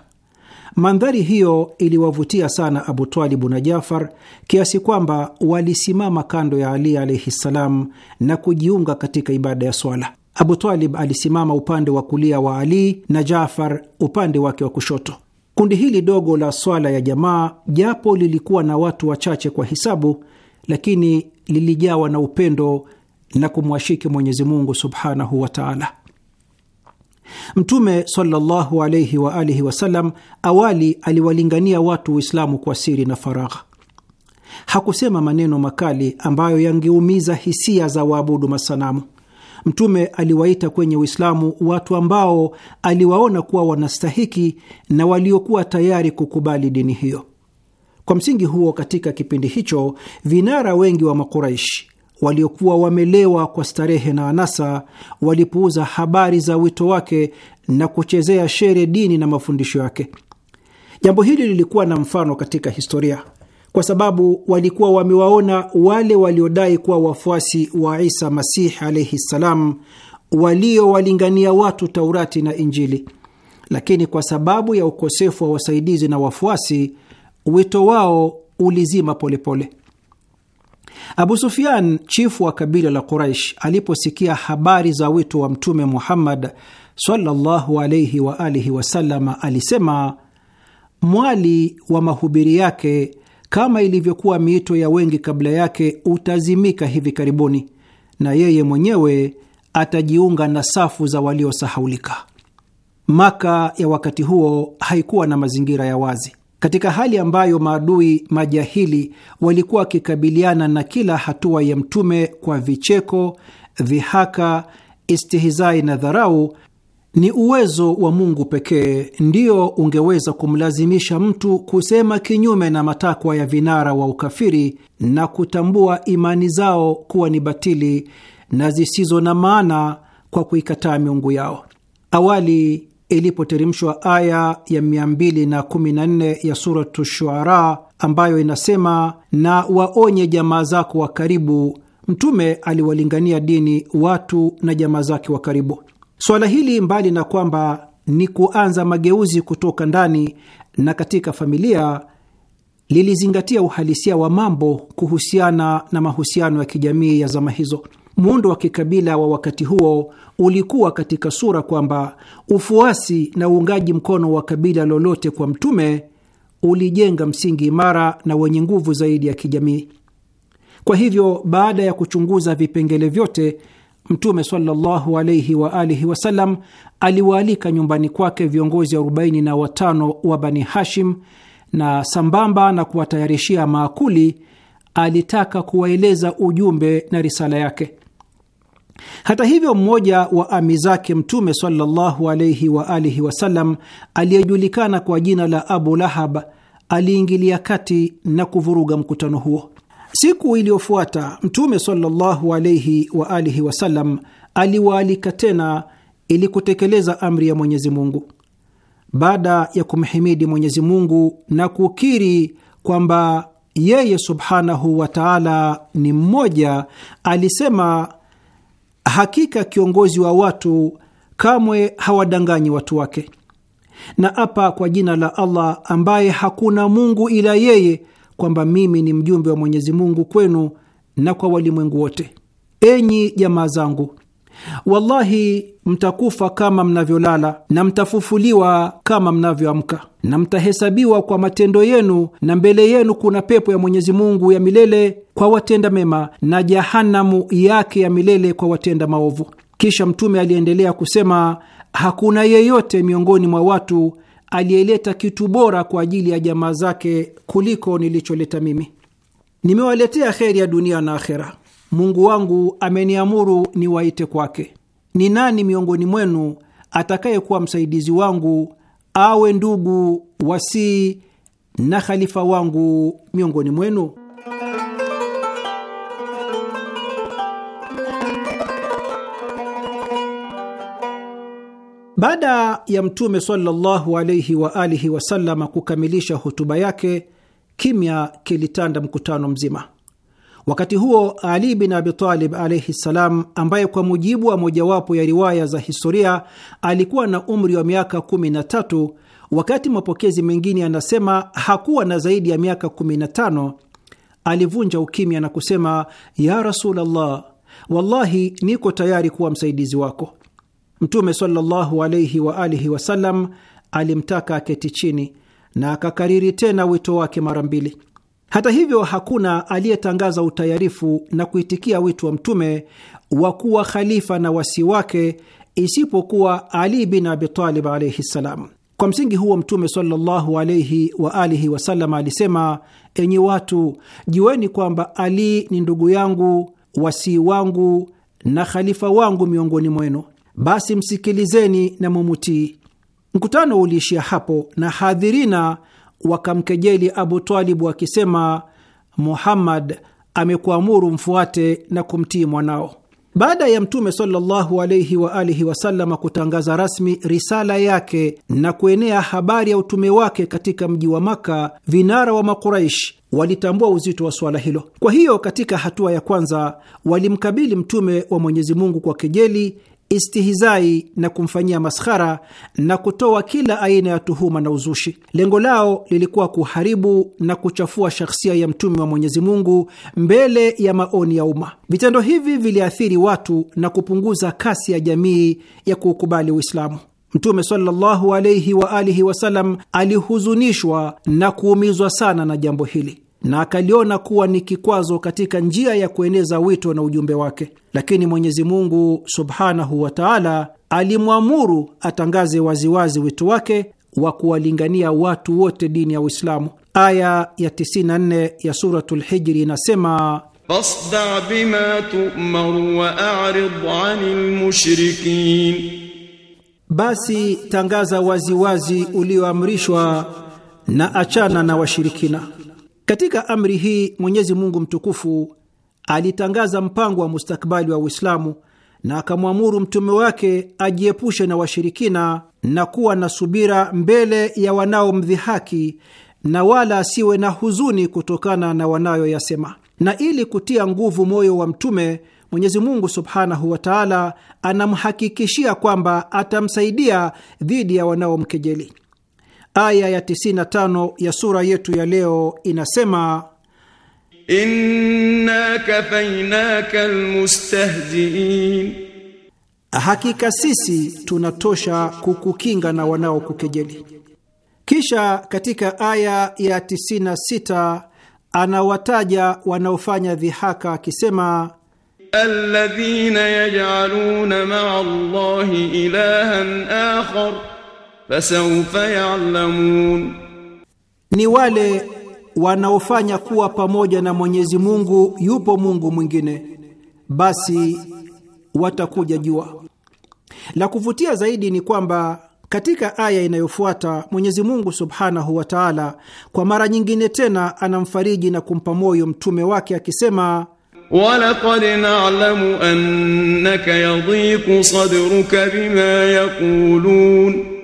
Mandhari hiyo iliwavutia sana Abu Talibu na Jafar kiasi kwamba walisimama kando ya Ali alaihi ssalam na kujiunga katika ibada ya swala. Abu Talib alisimama upande wa kulia wa Ali na Jafar upande wake wa kushoto. Kundi hili dogo la swala ya jamaa, japo lilikuwa na watu wachache kwa hisabu, lakini lilijawa na upendo na kumwashiki Mwenyezi Mungu subhanahu wa taala. Mtume sallallahu alayhi wa alihi wasallam awali aliwalingania watu Uislamu kwa siri na faragha. Hakusema maneno makali ambayo yangeumiza hisia za waabudu masanamu. Mtume aliwaita kwenye Uislamu watu ambao aliwaona kuwa wanastahiki na waliokuwa tayari kukubali dini hiyo. Kwa msingi huo, katika kipindi hicho vinara wengi wa Makuraishi waliokuwa wamelewa kwa starehe na anasa walipuuza habari za wito wake na kuchezea shere dini na mafundisho yake. Jambo hili lilikuwa na mfano katika historia kwa sababu walikuwa wamewaona wale waliodai kuwa wafuasi wa Isa Masih alaihi ssalam, waliowalingania watu Taurati na Injili, lakini kwa sababu ya ukosefu wa wasaidizi na wafuasi, wito wao ulizima polepole pole. Abu Sufyan, chifu wa kabila la Quraish, aliposikia habari za wito wa Mtume Muhammad sallallahu alaihi wa alihi wasallam, alisema mwali wa mahubiri yake kama ilivyokuwa miito ya wengi kabla yake, utazimika hivi karibuni, na yeye mwenyewe atajiunga na safu za waliosahaulika. Maka ya wakati huo haikuwa na mazingira ya wazi, katika hali ambayo maadui majahili walikuwa wakikabiliana na kila hatua ya Mtume kwa vicheko, dhihaka, istihizai na dharau. Ni uwezo wa Mungu pekee ndio ungeweza kumlazimisha mtu kusema kinyume na matakwa ya vinara wa ukafiri na kutambua imani zao kuwa ni batili na zisizo na maana kwa kuikataa miungu yao. Awali ilipoteremshwa aya ya 214 ya Suratu Shuara ambayo inasema, na waonye jamaa zako wa karibu, Mtume aliwalingania dini watu na jamaa zake wa karibu. Suala hili mbali na kwamba ni kuanza mageuzi kutoka ndani na katika familia, lilizingatia uhalisia wa mambo kuhusiana na mahusiano ya kijamii ya zama hizo. Muundo wa kikabila wa wakati huo ulikuwa katika sura kwamba ufuasi na uungaji mkono wa kabila lolote kwa mtume ulijenga msingi imara na wenye nguvu zaidi ya kijamii. Kwa hivyo, baada ya kuchunguza vipengele vyote Mtume sallallahu wa alihi wasallam aliwaalika nyumbani kwake viongozi 45 wa Bani Hashim, na sambamba na kuwatayarishia maakuli alitaka kuwaeleza ujumbe na risala yake. Hata hivyo, mmoja wa ami zake Mtume sallallahu wa alihi wasallam aliyejulikana kwa jina la Abu Lahab aliingilia kati na kuvuruga mkutano huo. Siku iliyofuata Mtume sallallahu alaihi wa alihi wasallam aliwaalika tena ili kutekeleza amri ya Mwenyezi Mungu. Baada ya kumhimidi Mwenyezi Mungu na kukiri kwamba yeye subhanahu wa taala ni mmoja, alisema hakika kiongozi wa watu kamwe hawadanganyi watu wake, na apa kwa jina la Allah ambaye hakuna Mungu ila yeye kwamba mimi ni mjumbe wa Mwenyezi Mungu kwenu na kwa walimwengu wote. Enyi jamaa zangu, wallahi mtakufa kama mnavyolala na mtafufuliwa kama mnavyoamka, na mtahesabiwa kwa matendo yenu, na mbele yenu kuna pepo ya Mwenyezi Mungu ya milele kwa watenda mema na jahanamu yake ya milele kwa watenda maovu. Kisha Mtume aliendelea kusema, hakuna yeyote miongoni mwa watu aliyeleta kitu bora kwa ajili ya jamaa zake kuliko nilicholeta mimi. Nimewaletea kheri ya dunia na akhera. Mungu wangu ameniamuru niwaite kwake. Ni nani miongoni mwenu atakayekuwa msaidizi wangu awe ndugu wasii na khalifa wangu miongoni mwenu? Baada ya Mtume sallallahu alaihi wa alihi wasallam kukamilisha hotuba yake, kimya kilitanda mkutano mzima. Wakati huo Ali bin Abitalib alaihi ssalam, ambaye kwa mujibu wa mojawapo ya riwaya za historia alikuwa na umri wa miaka 13, wakati mapokezi mengine anasema hakuwa na zaidi ya miaka 15, alivunja ukimya na kusema: ya Rasulullah, wallahi niko tayari kuwa msaidizi wako Mtume sallallahu wa alihi wasallam alimtaka aketi chini na akakariri tena wito wake mara mbili. Hata hivyo, hakuna aliyetangaza utayarifu na kuitikia wito wa Mtume wa kuwa khalifa na wasi wake isipokuwa Ali bin Abitalib alaihi ssalam. Kwa msingi huo Mtume sallallahu alaihi wa alihi wasallam alisema: enyi watu, jueni kwamba Ali ni ndugu yangu, wasii wangu na khalifa wangu miongoni mwenu basi msikilizeni na mumutii. Mkutano uliishia hapo na hadhirina wakamkejeli Abu Talibu akisema, Muhammad amekuamuru mfuate na kumtii mwanao. Baada ya Mtume sallallahu alaihi wa alihi kutangaza rasmi risala yake na kuenea habari ya utume wake katika mji wa Maka, vinara wa Makuraish walitambua uzito wa suala hilo. Kwa hiyo, katika hatua ya kwanza walimkabili Mtume wa Mwenyezi Mungu kwa kejeli istihizai na kumfanyia maskhara na kutoa kila aina ya tuhuma na uzushi. Lengo lao lilikuwa kuharibu na kuchafua shakhsia ya mtume wa Mwenyezi Mungu mbele ya maoni ya umma. Vitendo hivi viliathiri watu na kupunguza kasi ya jamii ya kuukubali Uislamu. Mtume sallallahu alaihi wa alihi wasallam alihuzunishwa na kuumizwa sana na jambo hili na akaliona kuwa ni kikwazo katika njia ya kueneza wito na ujumbe wake, lakini Mwenyezi Mungu subhanahu wa taala alimwamuru atangaze waziwazi wito wake wa kuwalingania watu wote dini ya Uislamu. Aya ya 94 ya Suratul Hijri inasema fasda bima tumaru wa arid anil mushrikin, basi tangaza waziwazi ulioamrishwa na achana na washirikina katika amri hii Mwenyezi Mungu mtukufu alitangaza mpango wa mustakabali wa Uislamu na akamwamuru mtume wake ajiepushe na washirikina na kuwa na subira mbele ya wanaomdhihaki na wala asiwe na huzuni kutokana na wanayoyasema. Na ili kutia nguvu moyo wa mtume, Mwenyezi Mungu subhanahu wa taala anamhakikishia kwamba atamsaidia dhidi ya wanaomkejeli. Aya ya 95 ya sura yetu ya leo inasema inna kafainaka almustahziin, hakika sisi tunatosha kukukinga na wanaokukejeli. Kisha katika aya ya 96 anawataja wanaofanya dhihaka akisema alladhina yaj'aluna ma'a Allahi ilahan akhar fasawfa ya'lamun, ni wale wanaofanya kuwa pamoja na Mwenyezi Mungu yupo Mungu mwingine, basi watakuja jua. La kuvutia zaidi ni kwamba katika aya inayofuata Mwenyezi Mungu subhanahu wa taala kwa mara nyingine tena anamfariji na kumpa moyo mtume wake akisema, walaqad na'lamu annaka yadhiqu sadruka bima yaqulun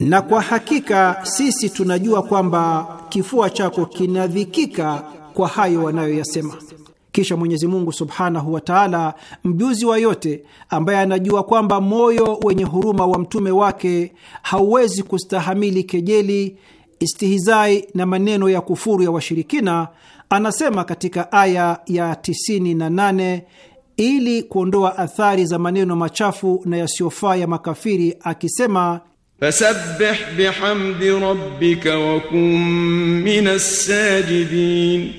na kwa hakika sisi tunajua kwamba kifua chako kinadhikika kwa hayo wanayoyasema. Kisha Mwenyezi Mungu subhanahu wa taala, mjuzi wa yote, ambaye anajua kwamba moyo wenye huruma wa mtume wake hauwezi kustahamili kejeli, istihizai na maneno ya kufuru ya washirikina, anasema katika aya ya 98 ili kuondoa athari za maneno machafu na yasiyofaa ya makafiri, akisema فسبح bihamdi rabbika wa kun minas sajidin,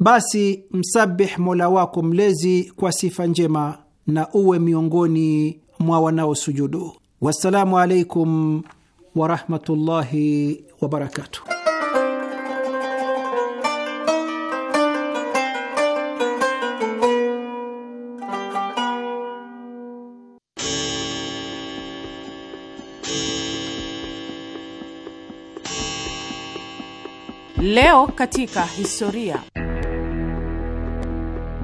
basi msabih mola wako mlezi kwa sifa njema na uwe miongoni mwa wanaosujudu. Wassalamu alaikum wa rahmatullahi wa barakatuh. Leo katika historia.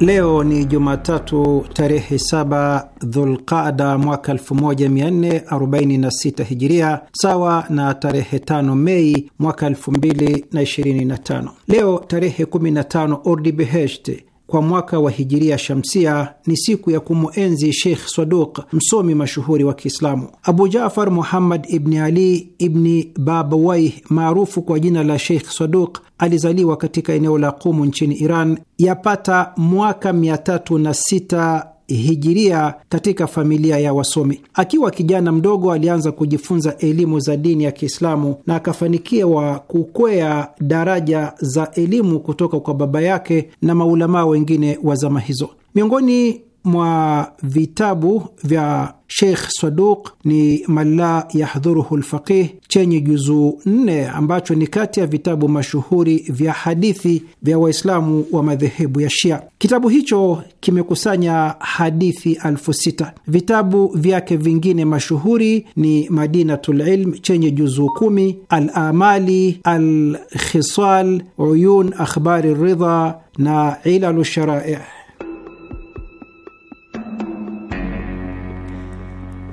Leo ni Jumatatu tarehe 7 Dhulqada mwaka 1446 Hijiria, sawa na tarehe 5 Mei mwaka 2025. Leo tarehe 15 Ordibehesht kwa mwaka wa hijiria shamsia ni siku ya kumuenzi Sheikh Saduq, msomi mashuhuri wa Kiislamu. Abu Jafar Muhammad ibni Ali ibni babawai maarufu kwa jina la Sheikh Saduq alizaliwa katika eneo la Qumu nchini Iran yapata mwaka 306 hijiria katika familia ya wasomi. Akiwa kijana mdogo, alianza kujifunza elimu za dini ya Kiislamu na akafanikiwa kukwea daraja za elimu kutoka kwa baba yake na maulamaa wengine wa zama hizo. Miongoni mwa vitabu vya Sheikh Saduq ni Malla Yahdhuruhu Lfaqih chenye juzuu nne ambacho ni kati ya vitabu mashuhuri vya hadithi vya Waislamu wa madhehebu ya Shia. Kitabu hicho kimekusanya hadithi alfu sita. Vitabu vyake vingine mashuhuri ni Madinatu Lilm chenye juzuu kumi, Alamali, Alkhisal, Uyun Akhbari Ridha na Ilalu Sharai.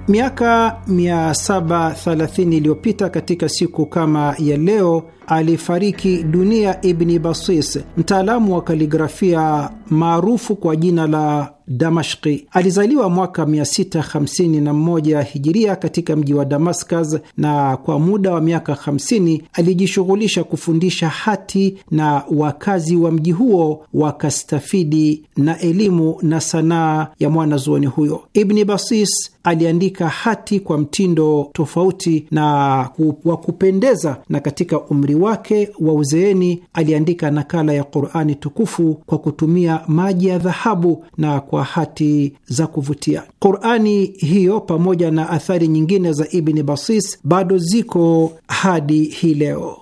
Miaka 730 iliyopita katika siku kama ya leo alifariki dunia Ibni Basis, mtaalamu wa kaligrafia maarufu kwa jina la Damashki. Alizaliwa mwaka 651 hijiria katika mji wa Damascus, na kwa muda wa miaka 50 alijishughulisha kufundisha hati na wakazi wa mji huo wakastafidi na elimu na sanaa ya mwanazuoni huyo. Ibni Basis aliandika hati kwa mtindo tofauti na wa kupendeza, na katika umri umri wake wa uzeeni aliandika nakala ya Qurani tukufu kwa kutumia maji ya dhahabu na kwa hati za kuvutia. Qurani hiyo pamoja na athari nyingine za Ibni Basis bado ziko hadi hii leo.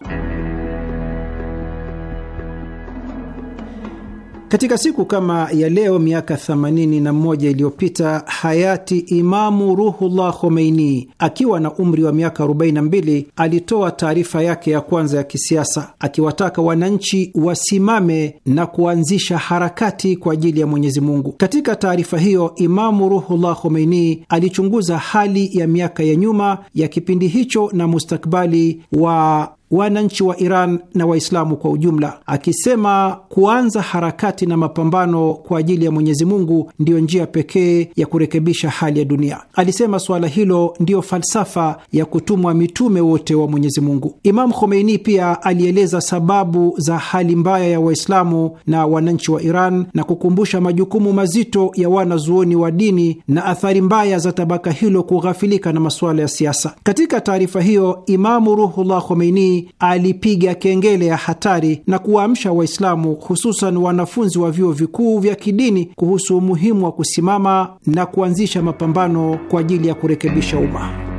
Katika siku kama ya leo miaka 81 iliyopita hayati Imamu Ruhullah Khomeini akiwa na umri wa miaka 42 alitoa taarifa yake ya kwanza ya kisiasa akiwataka wananchi wasimame na kuanzisha harakati kwa ajili ya Mwenyezi Mungu. Katika taarifa hiyo, Imamu Ruhullah Khomeini alichunguza hali ya miaka ya nyuma ya kipindi hicho na mustakbali wa wananchi wa Iran na Waislamu kwa ujumla, akisema kuanza harakati na mapambano kwa ajili ya Mwenyezi Mungu ndiyo njia pekee ya kurekebisha hali ya dunia. Alisema suala hilo ndiyo falsafa ya kutumwa mitume wote wa Mwenyezi Mungu. Imam Khomeini pia alieleza sababu za hali mbaya ya Waislamu na wananchi wa Iran na kukumbusha majukumu mazito ya wanazuoni wa dini na athari mbaya za tabaka hilo kughafilika na masuala ya siasa. Katika taarifa hiyo, Imamu Ruhullah Khomeini alipiga kengele ya hatari na kuwaamsha Waislamu, hususan wanafunzi wa vyuo vikuu vya kidini kuhusu umuhimu wa kusimama na kuanzisha mapambano kwa ajili ya kurekebisha umma.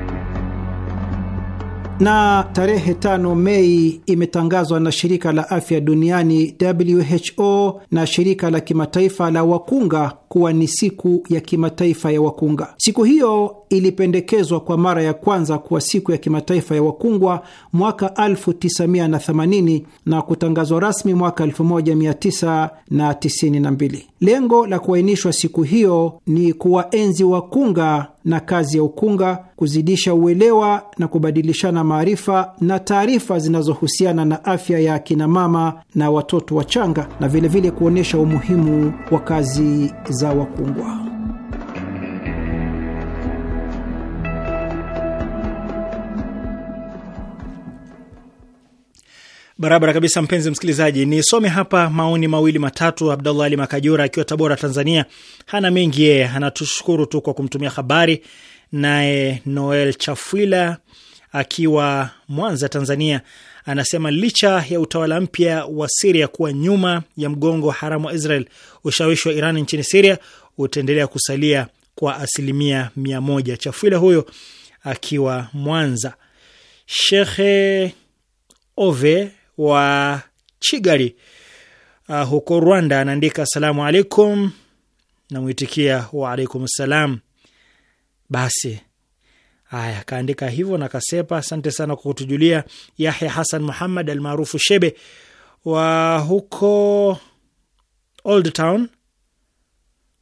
Na tarehe tano Mei imetangazwa na shirika la afya duniani WHO na shirika la kimataifa la wakunga kuwa ni siku ya kimataifa ya wakunga. Siku hiyo ilipendekezwa kwa mara ya kwanza kuwa siku ya kimataifa ya wakungwa mwaka 1980 na kutangazwa rasmi mwaka 1992. Lengo la kuainishwa siku hiyo ni kuwaenzi wakunga na kazi ya ukunga, kuzidisha uelewa na kubadilishana maarifa na taarifa zinazohusiana na afya ya akina mama na watoto wachanga, na vilevile kuonyesha umuhimu wa kazi za wakungwa. Barabara kabisa, mpenzi msikilizaji, nisome hapa maoni mawili matatu. Abdallah Ali Makajura akiwa Tabora, Tanzania, hana mengi yeye, anatushukuru tu kwa kumtumia habari. Naye Noel Chafwila akiwa Mwanza, Tanzania, anasema licha ya utawala mpya wa Siria kuwa nyuma ya mgongo haramu wa Israel, ushawishi wa Iran nchini Siria utaendelea kusalia kwa asilimia mia moja. Chafwila huyo akiwa Mwanza. Shekhe Ove wa Kigali uh, huko Rwanda anaandika asalamu alaikum, namwitikia waalaikum salam. Basi haya, kaandika hivyo na kasepa. Asante sana kwa kutujulia. Yahya Hasan Muhammad almaarufu Shebe wa huko Old Town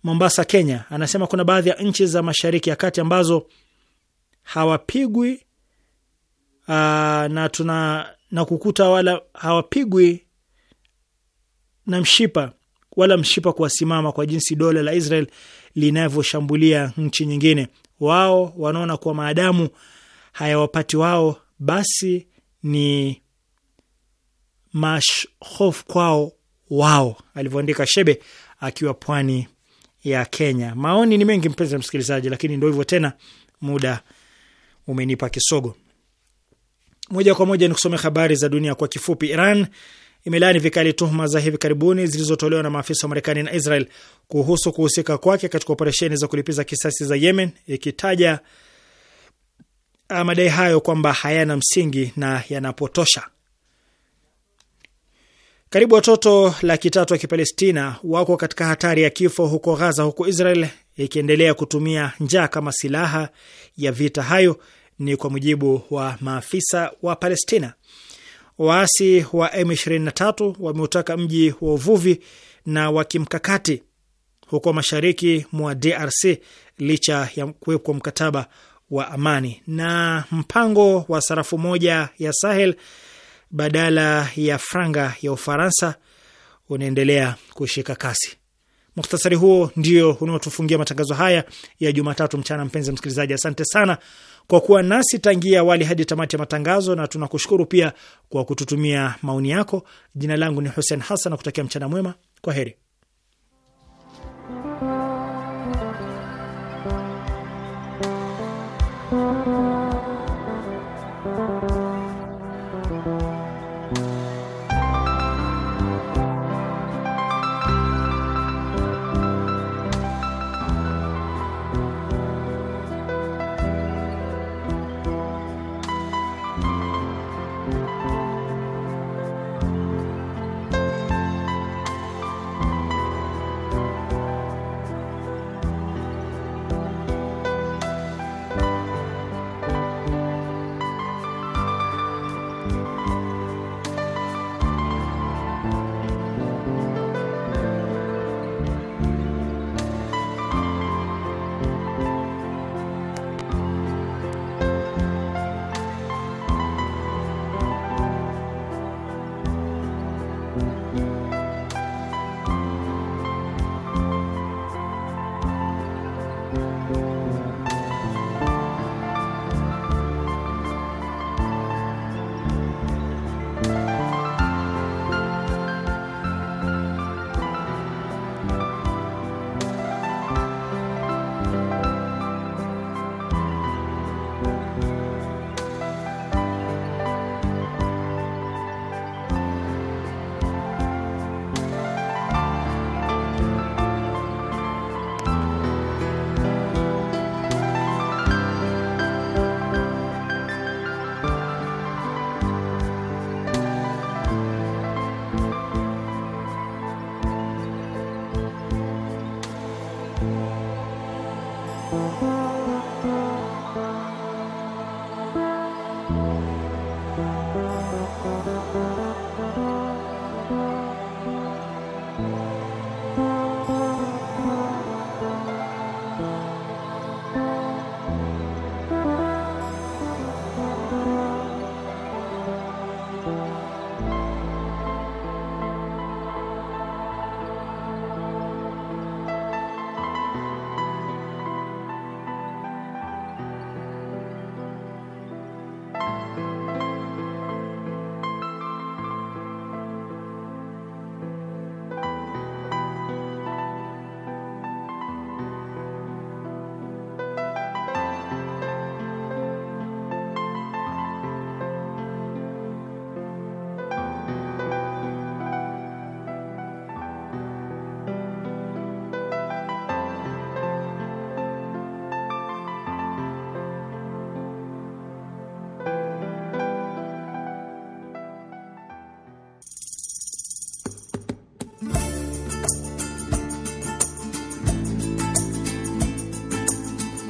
Mombasa, Kenya, anasema kuna baadhi ya nchi za Mashariki ya Kati ambazo hawapigwi uh, na tuna na kukuta wala hawapigwi na mshipa wala mshipa kuwasimama kwa jinsi dola la Israel linavyoshambulia nchi nyingine. Wao wanaona kuwa maadamu hayawapati wao, basi ni mashhof kwao wao, alivyoandika Shebe akiwa pwani ya Kenya. Maoni ni mengi mpenzi msikilizaji, lakini ndo hivyo tena, muda umenipa kisogo. Moja kwa moja ni kusomea habari za dunia kwa kifupi. Iran imelaani vikali tuhuma za hivi karibuni zilizotolewa na maafisa wa Marekani na Israel kuhusu kuhusika kwake katika operesheni za kulipiza kisasi za Yemen, ikitaja madai hayo kwamba hayana msingi na yanapotosha. Karibu watoto laki tatu wa Kipalestina wako katika hatari ya kifo huko Ghaza, huku Israel ikiendelea kutumia njaa kama silaha ya vita hayo ni kwa mujibu wa maafisa wa Palestina. Waasi wa M23 wameutaka mji wa uvuvi na wa kimkakati huko mashariki mwa DRC licha ya kuwepo mkataba wa amani. Na mpango wa sarafu moja ya Sahel badala ya franga ya Ufaransa unaendelea kushika kasi. Mukhtasari huo ndio unaotufungia matangazo haya ya Jumatatu mchana. Mpenzi msikilizaji, asante sana kwa kuwa nasi tangia awali hadi tamati ya matangazo, na tunakushukuru pia kwa kututumia maoni yako. Jina langu ni Hussein Hassan na kutakia mchana mwema. Kwa heri.